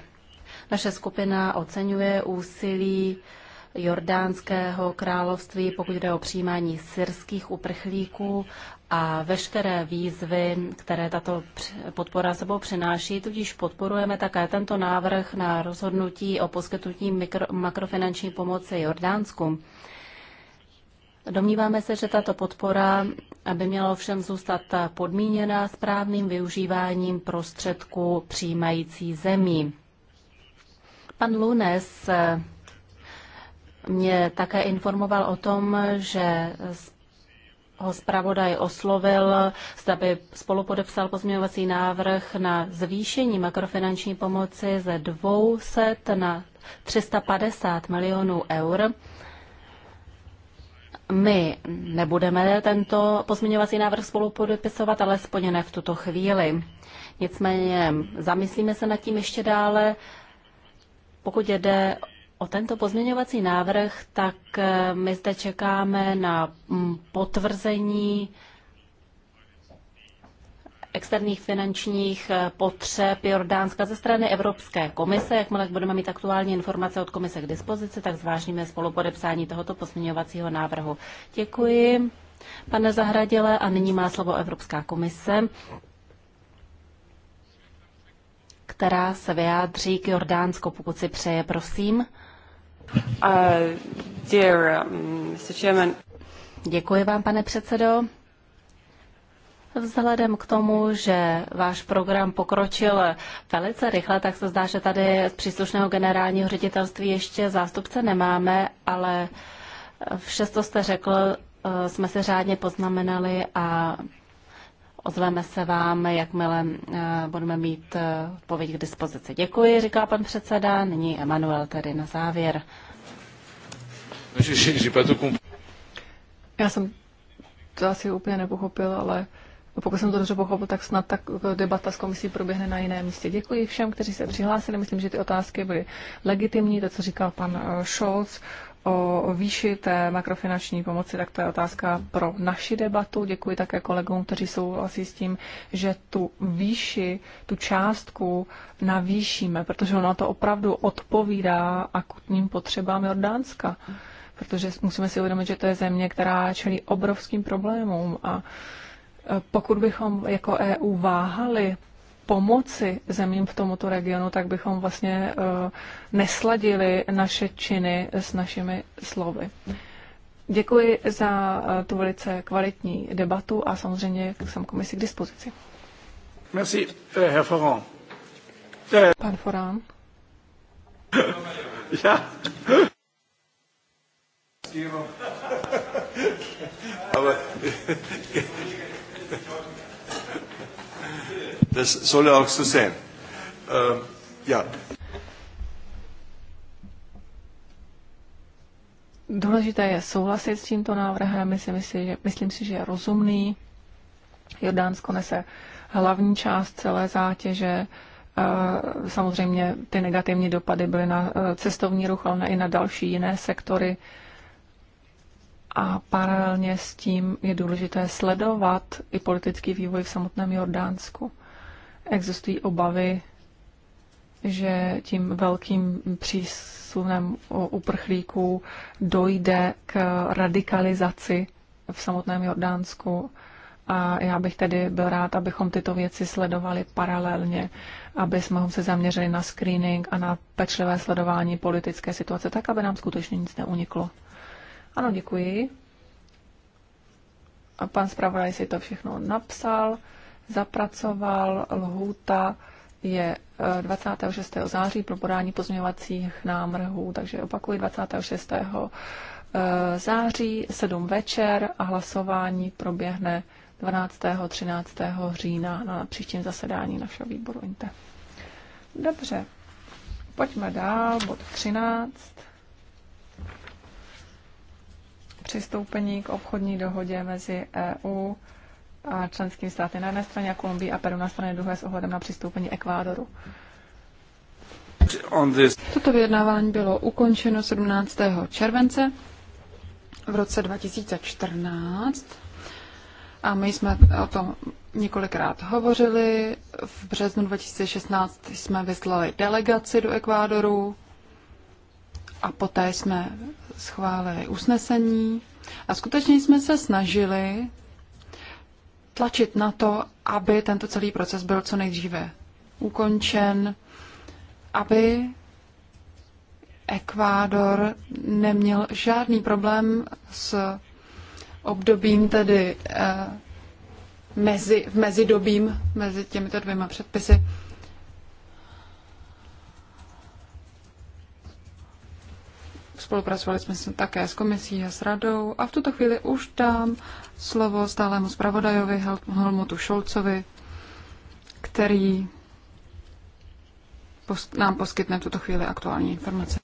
naše skupina oceňuje úsilí Jordánského království, pokud jde o přijímání syrských uprchlíků a veškeré výzvy, které tato podpora sebou přináší, tudíž podporujeme také tento návrh na rozhodnutí o poskytnutí mikro, makrofinanční pomoci Jordánsku. Domníváme se, že tato podpora by měla ovšem zůstat podmíněna správným využíváním prostředků přijímající zemí. Pan Lunes mě také informoval o tom, že ho zpravodaj oslovil, zda by spolupodepsal pozměňovací návrh na zvýšení makrofinanční pomoci ze 200 na 350 milionů eur. My nebudeme tento pozměňovací návrh spolupodepisovat, alespoň ne v tuto chvíli. Nicméně zamyslíme se nad tím ještě dále. Pokud jde o tento pozměňovací návrh, tak eh, my zde čekáme na mm, potvrzení externích finančních eh, potřeb Jordánska ze strany Evropské komise. Jakmile budeme mít aktuální informace od komise k dispozici, tak zvážíme spolupodepsání tohoto pozměňovacího návrhu. Děkuji, pane Zahradile, a nyní má slovo Evropská komise, která se vyjádří k Jordánsko, pokud si přeje, prosím. Uh, dear, um, Děkuji vám, pane předsedo. Vzhledem k tomu, že váš program pokročil velice rychle, tak se zdá, že tady z příslušného generálního ředitelství ještě zástupce nemáme, ale vše, co jste řekl, eh, jsme se řádně poznamenali a Ozveme se vám, jakmile eh, budeme mít eh, odpověď k dispozici. Děkuji, říká pan předseda. Nyní Emanuel tedy na závěr. No, Já jsem to asi úplně nepochopil, ale pokud jsem to dobře pochopil, tak snad tak debata s komisí proběhne na jiném místě. Děkuji všem, kteří se přihlásili. Myslím, že ty otázky byly legitimní, to, co říkal pan eh, Scholz o výši té makrofinanční pomoci, tak to je otázka pro naši debatu. Děkuji také kolegům, kteří souhlasí s tím, že tu výši, tu částku navýšíme, protože ona to opravdu odpovídá akutním potřebám Jordánska. Protože musíme si uvědomit, že to je země, která čelí obrovským problémům a e, pokud bychom jako EU váhali pomoci zemím v tomuto regionu, tak bychom vlastně eh, nesladili naše činy s našimi slovy. Děkuji za eh, tu velice kvalitní debatu a samozřejmě jsem komisi k dispozici. Merci, eh, Herr Foran. Pan Foran. Já. Ale... Das soll auch so sein. Äh, ja. Důležité je souhlasit s tímto návrhem. Myslím si, že, myslím si, že je rozumný. Jordánsko nese hlavní část celé zátěže. Eh, samozřejmě ty negativní dopady byly na eh, cestovní ruch, ale i na další jiné sektory. A paralelně s tím je důležité sledovat i politický vývoj v samotném Jordánsku existují obavy, že tím velkým přísunem uprchlíků dojde k radikalizaci v samotném Jordánsku. A já bych tedy byl rád, abychom tyto věci sledovali paralelně, aby jsme se zaměřili na screening a na pečlivé sledování politické situace, tak aby nám skutečně nic neuniklo. Ano, děkuji. A pan zpravodaj si to všechno napsal zapracoval. Lhůta je 26. Eh, září pro podání pozměňovacích námrhů, takže opakuji 26. Eh, září 7 večer a hlasování proběhne 12. 13. října na příštím zasedání našeho výboru INTE. Dobře, pojďme dál, bod 13. Přistoupení k obchodní dohodě mezi EU a členským státy na jedné straně a Kolumbii a Peru na straně druhé s ohledem na přistoupení Ekvádoru. Toto vyjednávání bylo ukončeno 17. července v roce 2014 a my jsme o tom několikrát hovořili. V březnu 2016 jsme vyslali delegaci do Ekvádoru a poté jsme schválili usnesení. A skutečně jsme se snažili tlačit na to, aby tento celý proces byl co nejdříve ukončen, aby Ekvádor neměl žádný problém s obdobím tedy eh, mezi, v mezidobím mezi těmito dvěma předpisy, Spolupracovali jsme se také s komisí a s radou a v tuto chvíli už dám slovo stálému zpravodajovi Helmutu Šolcovi, který nám poskytne v tuto chvíli aktuální informace.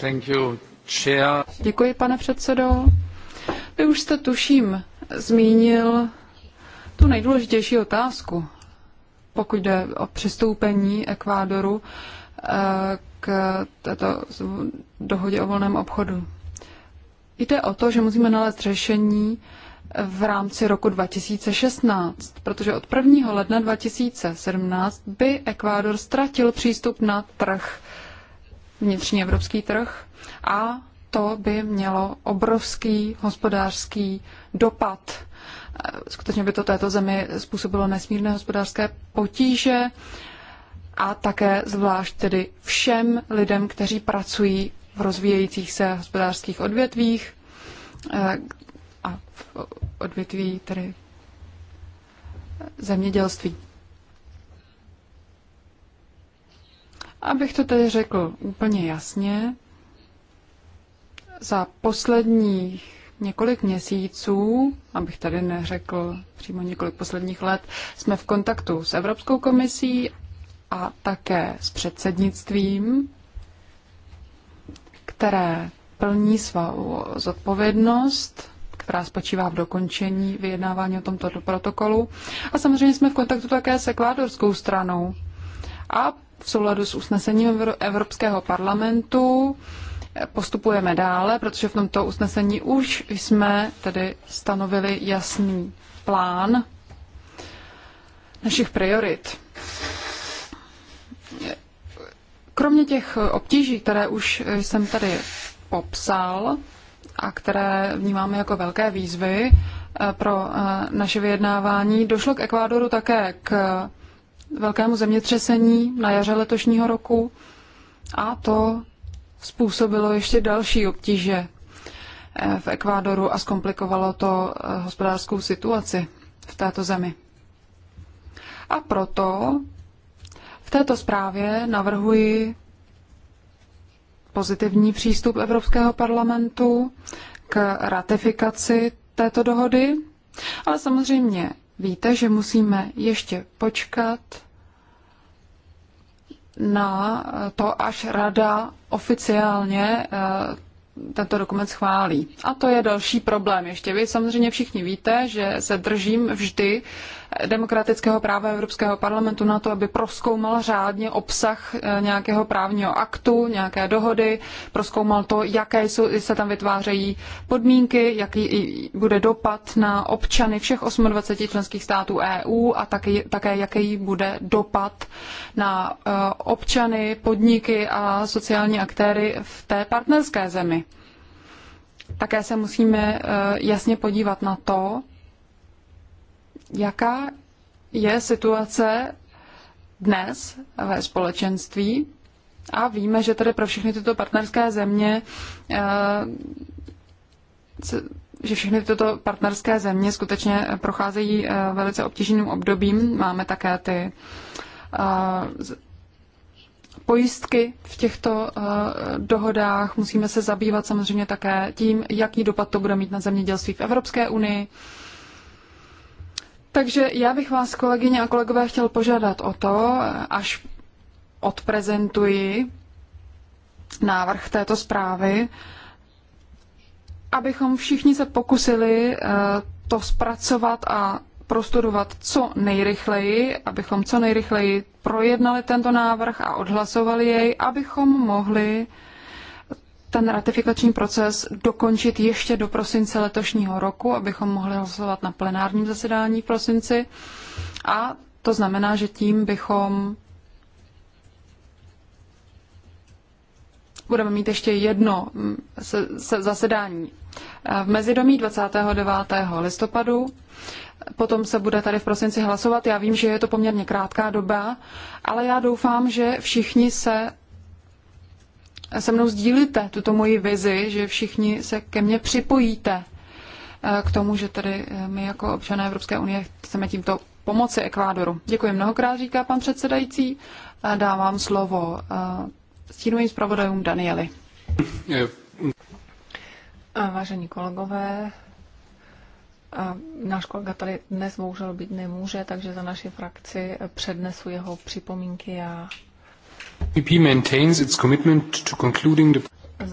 Thank you, chair. Děkuji, pane předsedo. Vy už jste, tuším, zmínil tu nejdůležitější otázku, pokud jde o přistoupení Ekvádoru Eh, k této dohodě o volném obchodu. Jde o to, že musíme nalézt řešení v rámci roku 2016, protože od 1. ledna 2017 by Ekvádor ztratil přístup na trh, vnitřní evropský trh, a to by mělo obrovský hospodářský dopad eh, skutečně by to této zemi způsobilo nesmírné hospodářské potíže a také zvlášť tedy všem lidem, kteří pracují v rozvíjejících se hospodářských odvětvích eh, a v odvětví tedy zemědělství. Abych to tedy řekl úplně jasně, za posledních několik měsíců, abych tady neřekl přímo několik posledních let, jsme v kontaktu s Evropskou komisí a také s předsednictvím, které plní svou zodpovědnost, která spočívá v dokončení vyjednávání o tomto protokolu. A samozřejmě jsme v kontaktu také se ekvádorskou stranou. A v souladu s usnesením Evropského parlamentu postupujeme dále, protože v tomto usnesení už jsme tedy stanovili jasný plán našich priorit. Kromě těch eh, obtíží, které už eh, jsem tady popsal a které vnímáme jako velké výzvy eh, pro naše vyjednávání, došlo k Ekvádoru také k velkému zemětřesení na jaře letošního roku a to způsobilo ještě další obtíže v Ekvádoru a zkomplikovalo to hospodářskou situaci v této zemi. A proto této zprávě navrhuji pozitivní přístup Evropského parlamentu k ratifikaci této dohody, ale samozřejmě víte, že musíme ještě počkat na to, až rada oficiálně eh, tento dokument schválí. A to je další problém. Ještě vy samozřejmě všichni víte, že se držím vždy demokratického práva Evropského parlamentu na to, aby proskoumal řádně obsah eh, nějakého právního aktu, nějaké dohody, proskoumal to, jaké jsou, se tam vytvářejí podmínky, jaký bude dopad na občany všech 28 členských států EU a taky, také jaký bude dopad na eh, občany, podniky a sociální aktéry v té partnerské zemi. Také se musíme eh, jasně podívat na to, jaká je situace dnes ve společenství a víme, že tady pro všechny tyto partnerské země eh, že všechny tyto partnerské země skutečně procházejí eh, velice obtížným obdobím. Máme také ty eh, pojistky v těchto dohodách. Musíme se zabývat samozřejmě také tím, jaký dopad to bude mít na zemědělství v Evropské unii. Takže já bych vás, kolegyně a kolegové, chtěl požádat o to, až odprezentuji návrh této zprávy, abychom všichni se pokusili eh, to zpracovat a prostudovat co nejrychleji, abychom co nejrychleji projednali tento návrh a odhlasovali jej, abychom mohli uh, ten ratifikační proces dokončit ještě do prosince letošního roku, abychom mohli hlasovat na plenárním zasedání v prosinci. A to znamená, že tím bychom budeme mít ještě jedno mm, zasedání eh, v mezidomí 29. listopadu. Potom se bude tady v prosinci hlasovat. Já vím, že je to poměrně krátká doba, ale já doufám, že všichni se se mnou sdílíte tuto moji vizi, že všichni se ke mně připojíte eh, k tomu, že tady eh, my jako občané Evropské unie chceme tímto pomoci Ekvádoru. Děkuji mnohokrát, říká pan předsedající. A dávám slovo eh, stínovým zpravodajům Danieli. Vážení kolegové, a náš kolega tady dnes bohužel být nemůže, takže za naši frakci přednesu jeho připomínky a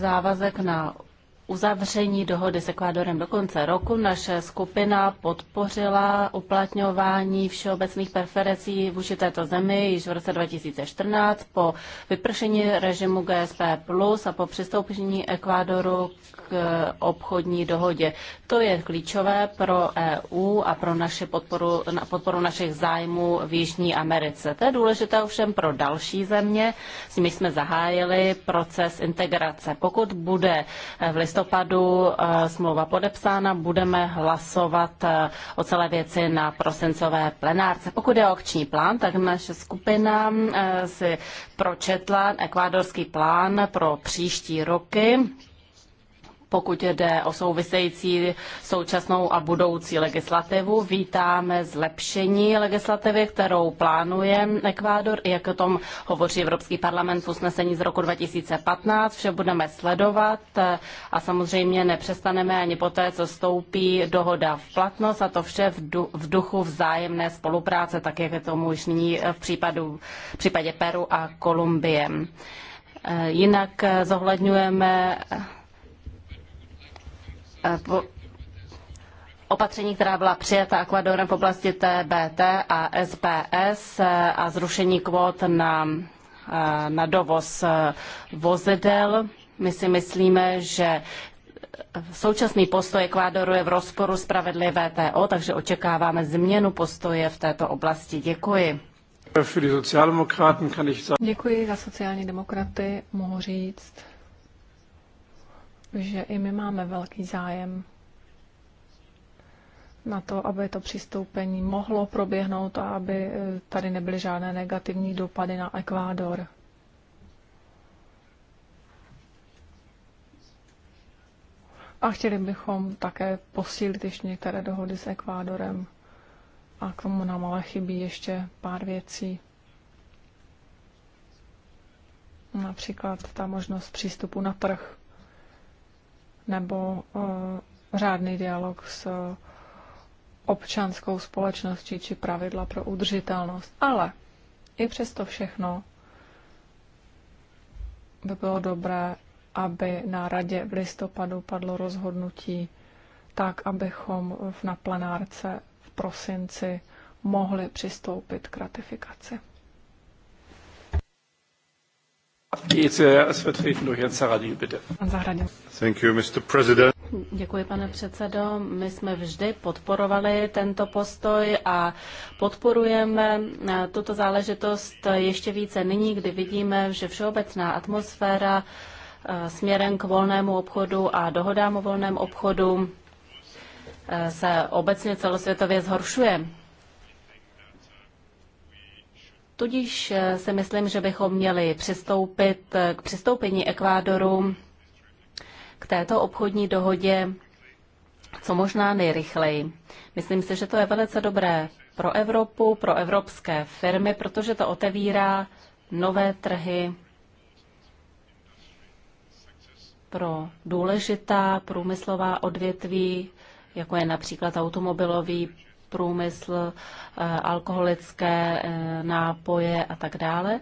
Závazek na uzavření dohody s Ekvádorem do konce roku naše skupina podpořila uplatňování všeobecných preferencí vůči této zemi již v roce 2014 po vypršení režimu GSP Plus a po přistoupení Ekvádoru k obchodní dohodě. To je klíčové pro EU a pro naši podporu, na podporu našich zájmů v Jižní Americe. To je důležité ovšem pro další země, s nimi jsme zahájili proces integrace. Pokud bude v listopadu listopadu eh, smlouva podepsána, budeme hlasovat eh, o celé věci na prosincové plenárce. Pokud je o akční plán, tak naše skupina eh, si pročetla ekvádorský plán pro příští roky pokud jde o související současnou a budoucí legislativu. Vítáme zlepšení legislativy, kterou plánuje Ekvádor, jak o tom hovoří Evropský parlament v usnesení z roku 2015. Vše budeme sledovat a samozřejmě nepřestaneme ani poté, co stoupí dohoda v platnost a to vše v duchu vzájemné spolupráce, tak jak je tomu už nyní v, případu, v případě Peru a Kolumbie. E, jinak e, zohledňujeme Eh, opatření, která byla přijata Ekvadorem v oblasti TBT a SPS eh, a zrušení kvót na, eh, na dovoz vozidel. My si myslíme, že současný postoj Ekvádoru je v rozporu s pravidly VTO, takže očekáváme změnu postoje v této oblasti. Děkuji. Děkuji za sociální demokraty, mohu říct že i my máme velký zájem na to, aby to přistoupení mohlo proběhnout a aby eh, tady nebyly žádné negativní dopady na Ekvádor. A chtěli bychom také posílit ještě některé dohody s Ekvádorem. A k tomu nám ale chybí ještě pár věcí. Například ta možnost přístupu na trh nebo eh, řádný dialog s občanskou společností či pravidla pro udržitelnost. Ale i přesto všechno by bylo dobré, aby na radě v listopadu padlo rozhodnutí tak, abychom na plenárce v prosinci mohli přistoupit k ratifikaci. Thank you, Mr. President. Děkuji, pane předsedo. My jsme vždy podporovali tento postoj a podporujeme eh, tuto záležitost ještě více nyní, kdy vidíme, že všeobecná atmosféra eh, směrem k volnému obchodu a dohodám o volném obchodu eh, se obecně celosvětově zhoršuje. Tudíž eh, si myslím, že bychom měli přistoupit eh, k přistoupení Ekvádoru k této obchodní dohodě co možná nejrychleji. Myslím si, že to je velice dobré pro Evropu, pro evropské firmy, protože to otevírá nové trhy pro důležitá průmyslová odvětví, jako je například automobilový průmysl, eh, alkoholické eh, nápoje a tak dále.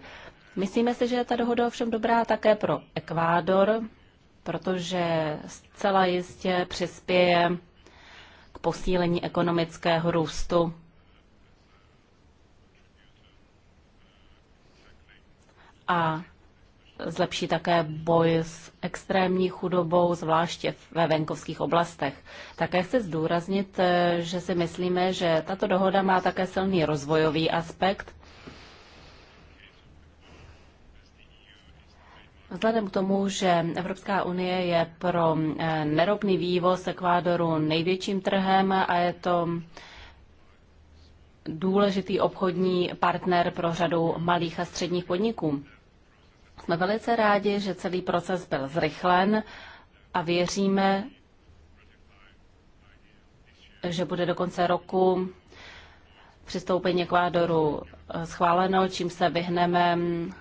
Myslíme si, že je ta dohoda ovšem dobrá také pro Ekvádor, protože zcela jistě přispěje k posílení ekonomického růstu. A zlepší také boj s extrémní chudobou, zvláště ve venkovských oblastech. Také chci zdůraznit, eh, že si myslíme, že tato dohoda má také silný rozvojový aspekt. Vzhledem k tomu, že Evropská unie je pro eh, neropný vývoz Ekvádoru největším trhem a je to důležitý obchodní partner pro řadu malých a středních podniků. Jsme velice rádi, že celý proces byl zrychlen a věříme, že bude do konce roku přistoupení k vádoru eh, schváleno, čím se vyhneme mm,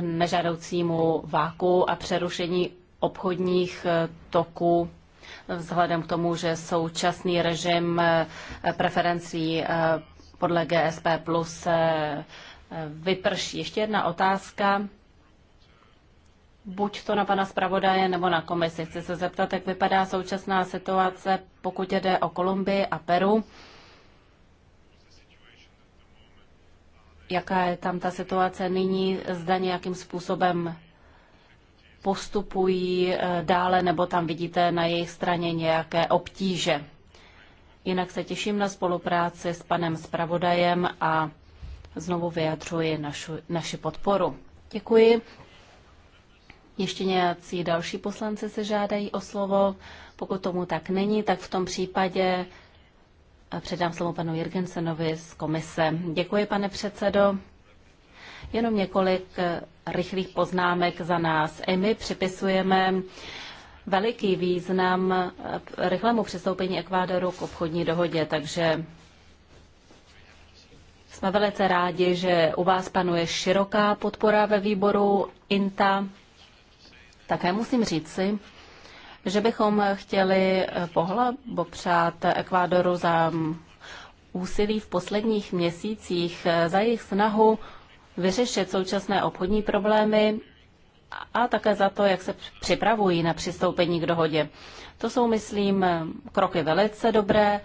nežádoucímu váku a přerušení obchodních eh, toků vzhledem k tomu, že současný režim eh, preferencí podle GSP plus vyprší. Ještě jedna otázka buď to na pana zpravodaje nebo na komisi. Chci se zeptat, jak vypadá současná situace, pokud jde o Kolumbii a Peru. Jaká je tam ta situace nyní, zda nějakým způsobem postupují eh, dále, nebo tam vidíte na jejich straně nějaké obtíže. Jinak se těším na spolupráci s panem zpravodajem a znovu vyjadřuji naši podporu. Děkuji. Ještě nějací další poslanci se žádají o slovo. Pokud tomu tak není, tak v tom případě eh, předám slovo panu Jirgensenovi z komise. Děkuji, pane předsedo. Jenom několik eh, rychlých poznámek za nás. I my připisujeme veliký význam eh, rychlému přistoupení Ekvádoru k obchodní dohodě, takže jsme velice rádi, že u vás panuje široká podpora ve výboru INTA také musím říci, že bychom chtěli eh, pohlabopřát Ekvádoru za mm, úsilí v posledních měsících, eh, za jejich snahu vyřešit současné obchodní problémy a také za to, jak se připravují na přistoupení k dohodě. To jsou, myslím, eh, kroky velice dobré.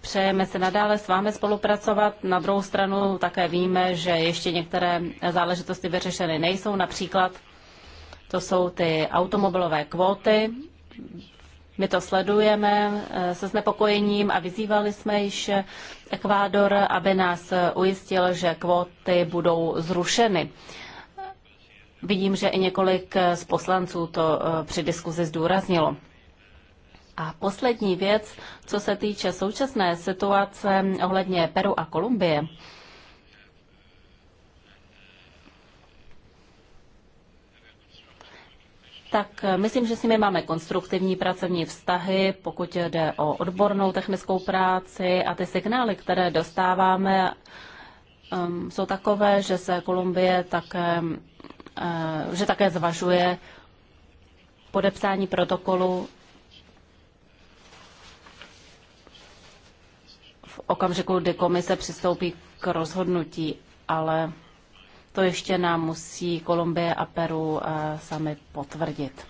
Přejeme se nadále s vámi spolupracovat. Na druhou stranu také víme, že ještě některé záležitosti vyřešeny nejsou, například to jsou ty automobilové kvóty. My to sledujeme eh, se znepokojením a vyzývali jsme již Ekvádor, aby nás ujistil, že kvóty budou zrušeny. Vidím, že i několik z poslanců to eh, při diskuzi zdůraznilo. A poslední věc, co se týče současné situace ohledně Peru a Kolumbie. tak eh, myslím, že s nimi máme konstruktivní pracovní vztahy, pokud jde o odbornou technickou práci a ty signály, které dostáváme, ehm, jsou takové, že se Kolumbie také, eh, že také zvažuje podepsání protokolu v okamžiku, kdy komise přistoupí k rozhodnutí, ale to ještě nám musí Kolumbie a Peru eh, sami potvrdit.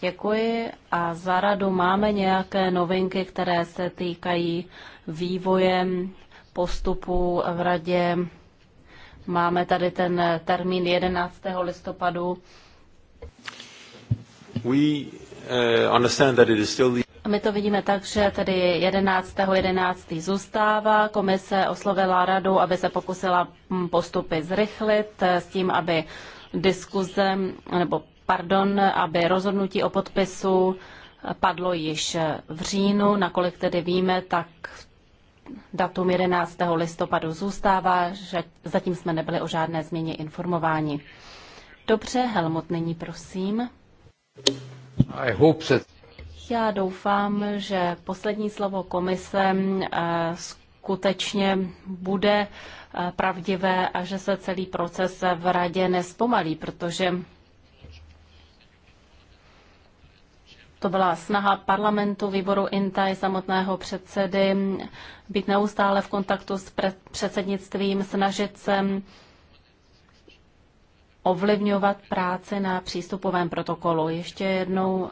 Děkuji a za radu máme nějaké novinky, které se týkají vývoje postupu v radě. Máme tady ten termín 11. listopadu. We uh, understand that it is still the my to vidíme tak, že tedy 11. 11. zůstává. Komise oslovila radu, aby se pokusila hm, postupy zrychlit eh, s tím, aby diskuze, nebo pardon, aby rozhodnutí o podpisu eh, padlo již eh, v říjnu. Nakolik tedy víme, tak datum 11. listopadu zůstává, že zatím jsme nebyli o žádné změně informováni. Dobře, Helmut, nyní prosím. I hope that... Já doufám, že poslední slovo komise eh, skutečně bude eh, pravdivé a že se celý proces v radě nespomalí, protože To byla snaha parlamentu, výboru INTA i samotného předsedy být neustále v kontaktu s předsednictvím, snažit se ovlivňovat práci na přístupovém protokolu. Ještě jednou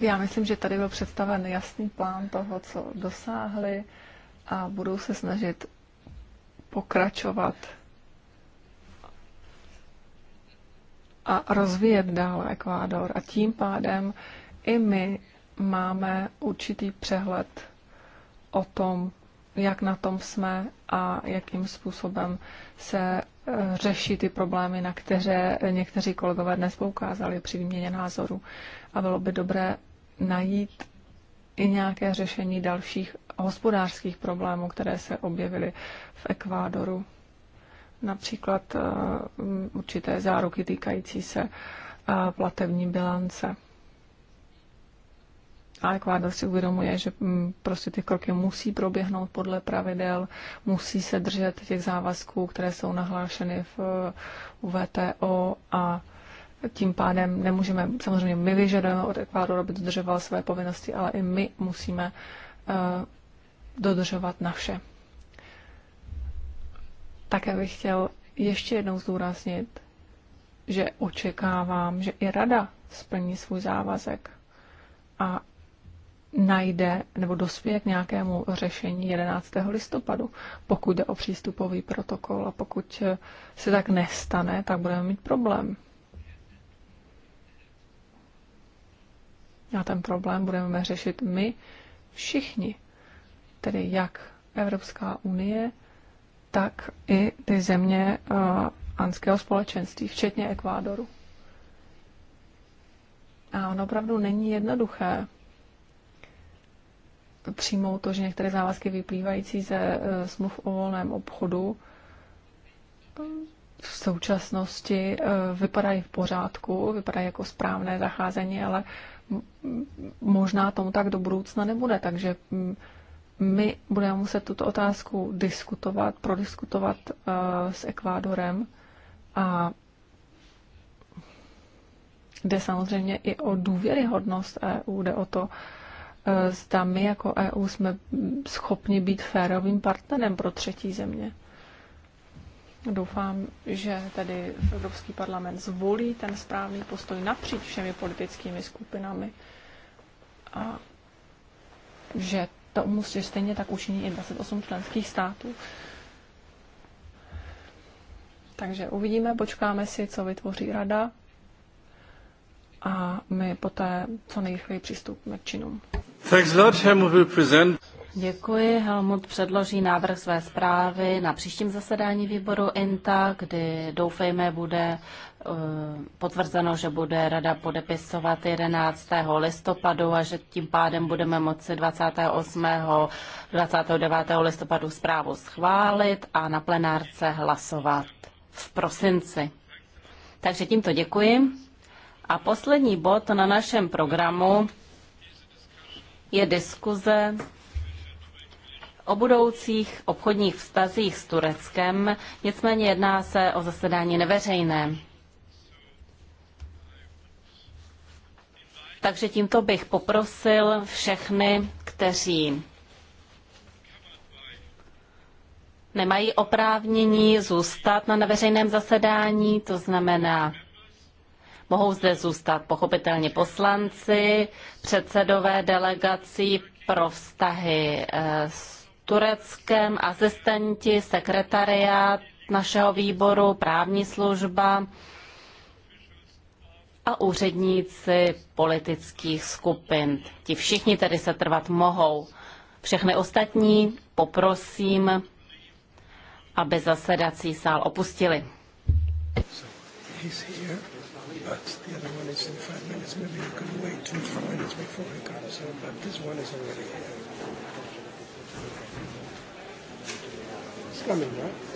Já myslím, že tady byl představen jasný plán toho, co dosáhli a budou se snažit pokračovat a rozvíjet dál Ekvádor. A tím pádem i my máme určitý přehled o tom, jak na tom jsme a jakým způsobem se řeší ty problémy, na které někteří kolegové dnes poukázali při výměně názoru. A bylo by dobré najít i nějaké řešení dalších hospodářských problémů, které se objevily v Ekvádoru. Například eh, určité záruky týkající se eh, platební bilance. A Ekvádor si uvědomuje, že mm, prostě ty kroky musí proběhnout podle pravidel, musí se držet těch závazků, které jsou nahlášeny v VTO a tím pádem nemůžeme, samozřejmě my vyžadujeme od Ekvádoru, aby dodržoval své povinnosti, ale i my musíme uh, dodržovat naše. Také bych chtěl ještě jednou zdůraznit, že očekávám, že i rada splní svůj závazek a najde nebo dospěje k nějakému řešení 11. listopadu, pokud jde o přístupový protokol a pokud eh, se tak nestane, tak budeme mít problém. A ten problém budeme řešit my všichni, tedy jak Evropská unie, tak i ty země uh, anského společenství, včetně Ekvádoru. A ono opravdu není jednoduché přijmout to, že některé závazky vyplývající ze e, smluv o volném obchodu v současnosti e, vypadají v pořádku, vypadají jako správné zacházení, ale možná tomu tak do budoucna nebude. Takže my budeme muset tuto otázku diskutovat, prodiskutovat e, s Ekvádorem a jde samozřejmě i o důvěryhodnost EU, jde o to, zda my jako EU jsme schopni být férovým partnerem pro třetí země. Doufám, že tedy Evropský parlament zvolí ten správný postoj napříč všemi politickými skupinami a že to musí stejně tak učinit i 28 členských států. Takže uvidíme, počkáme si, co vytvoří rada a my poté co nejrychleji přistoupíme k činům. Děkuji. Helmut předloží návrh své zprávy na příštím zasedání výboru INTA, kdy doufejme bude eh, potvrzeno, že bude rada podepisovat 11. listopadu a že tím pádem budeme moci 28. 29. listopadu zprávu schválit a na plenárce hlasovat v prosinci. Takže tímto děkuji. A poslední bod na našem programu je diskuze o budoucích obchodních vztazích s Tureckem, nicméně jedná se o zasedání neveřejné. Takže tímto bych poprosil všechny, kteří nemají oprávnění zůstat na neveřejném zasedání, to znamená mohou zde zůstat pochopitelně poslanci, předsedové delegací pro vztahy eh, s Tureckem, asistenti, sekretariát našeho výboru, právní služba a úředníci politických skupin. Ti všichni tedy se trvat mohou. Všechny ostatní poprosím, aby zasedací sál opustili. But the other one is in five minutes. Maybe you could wait two, three minutes before he comes in. But this one is already here. It's coming, right?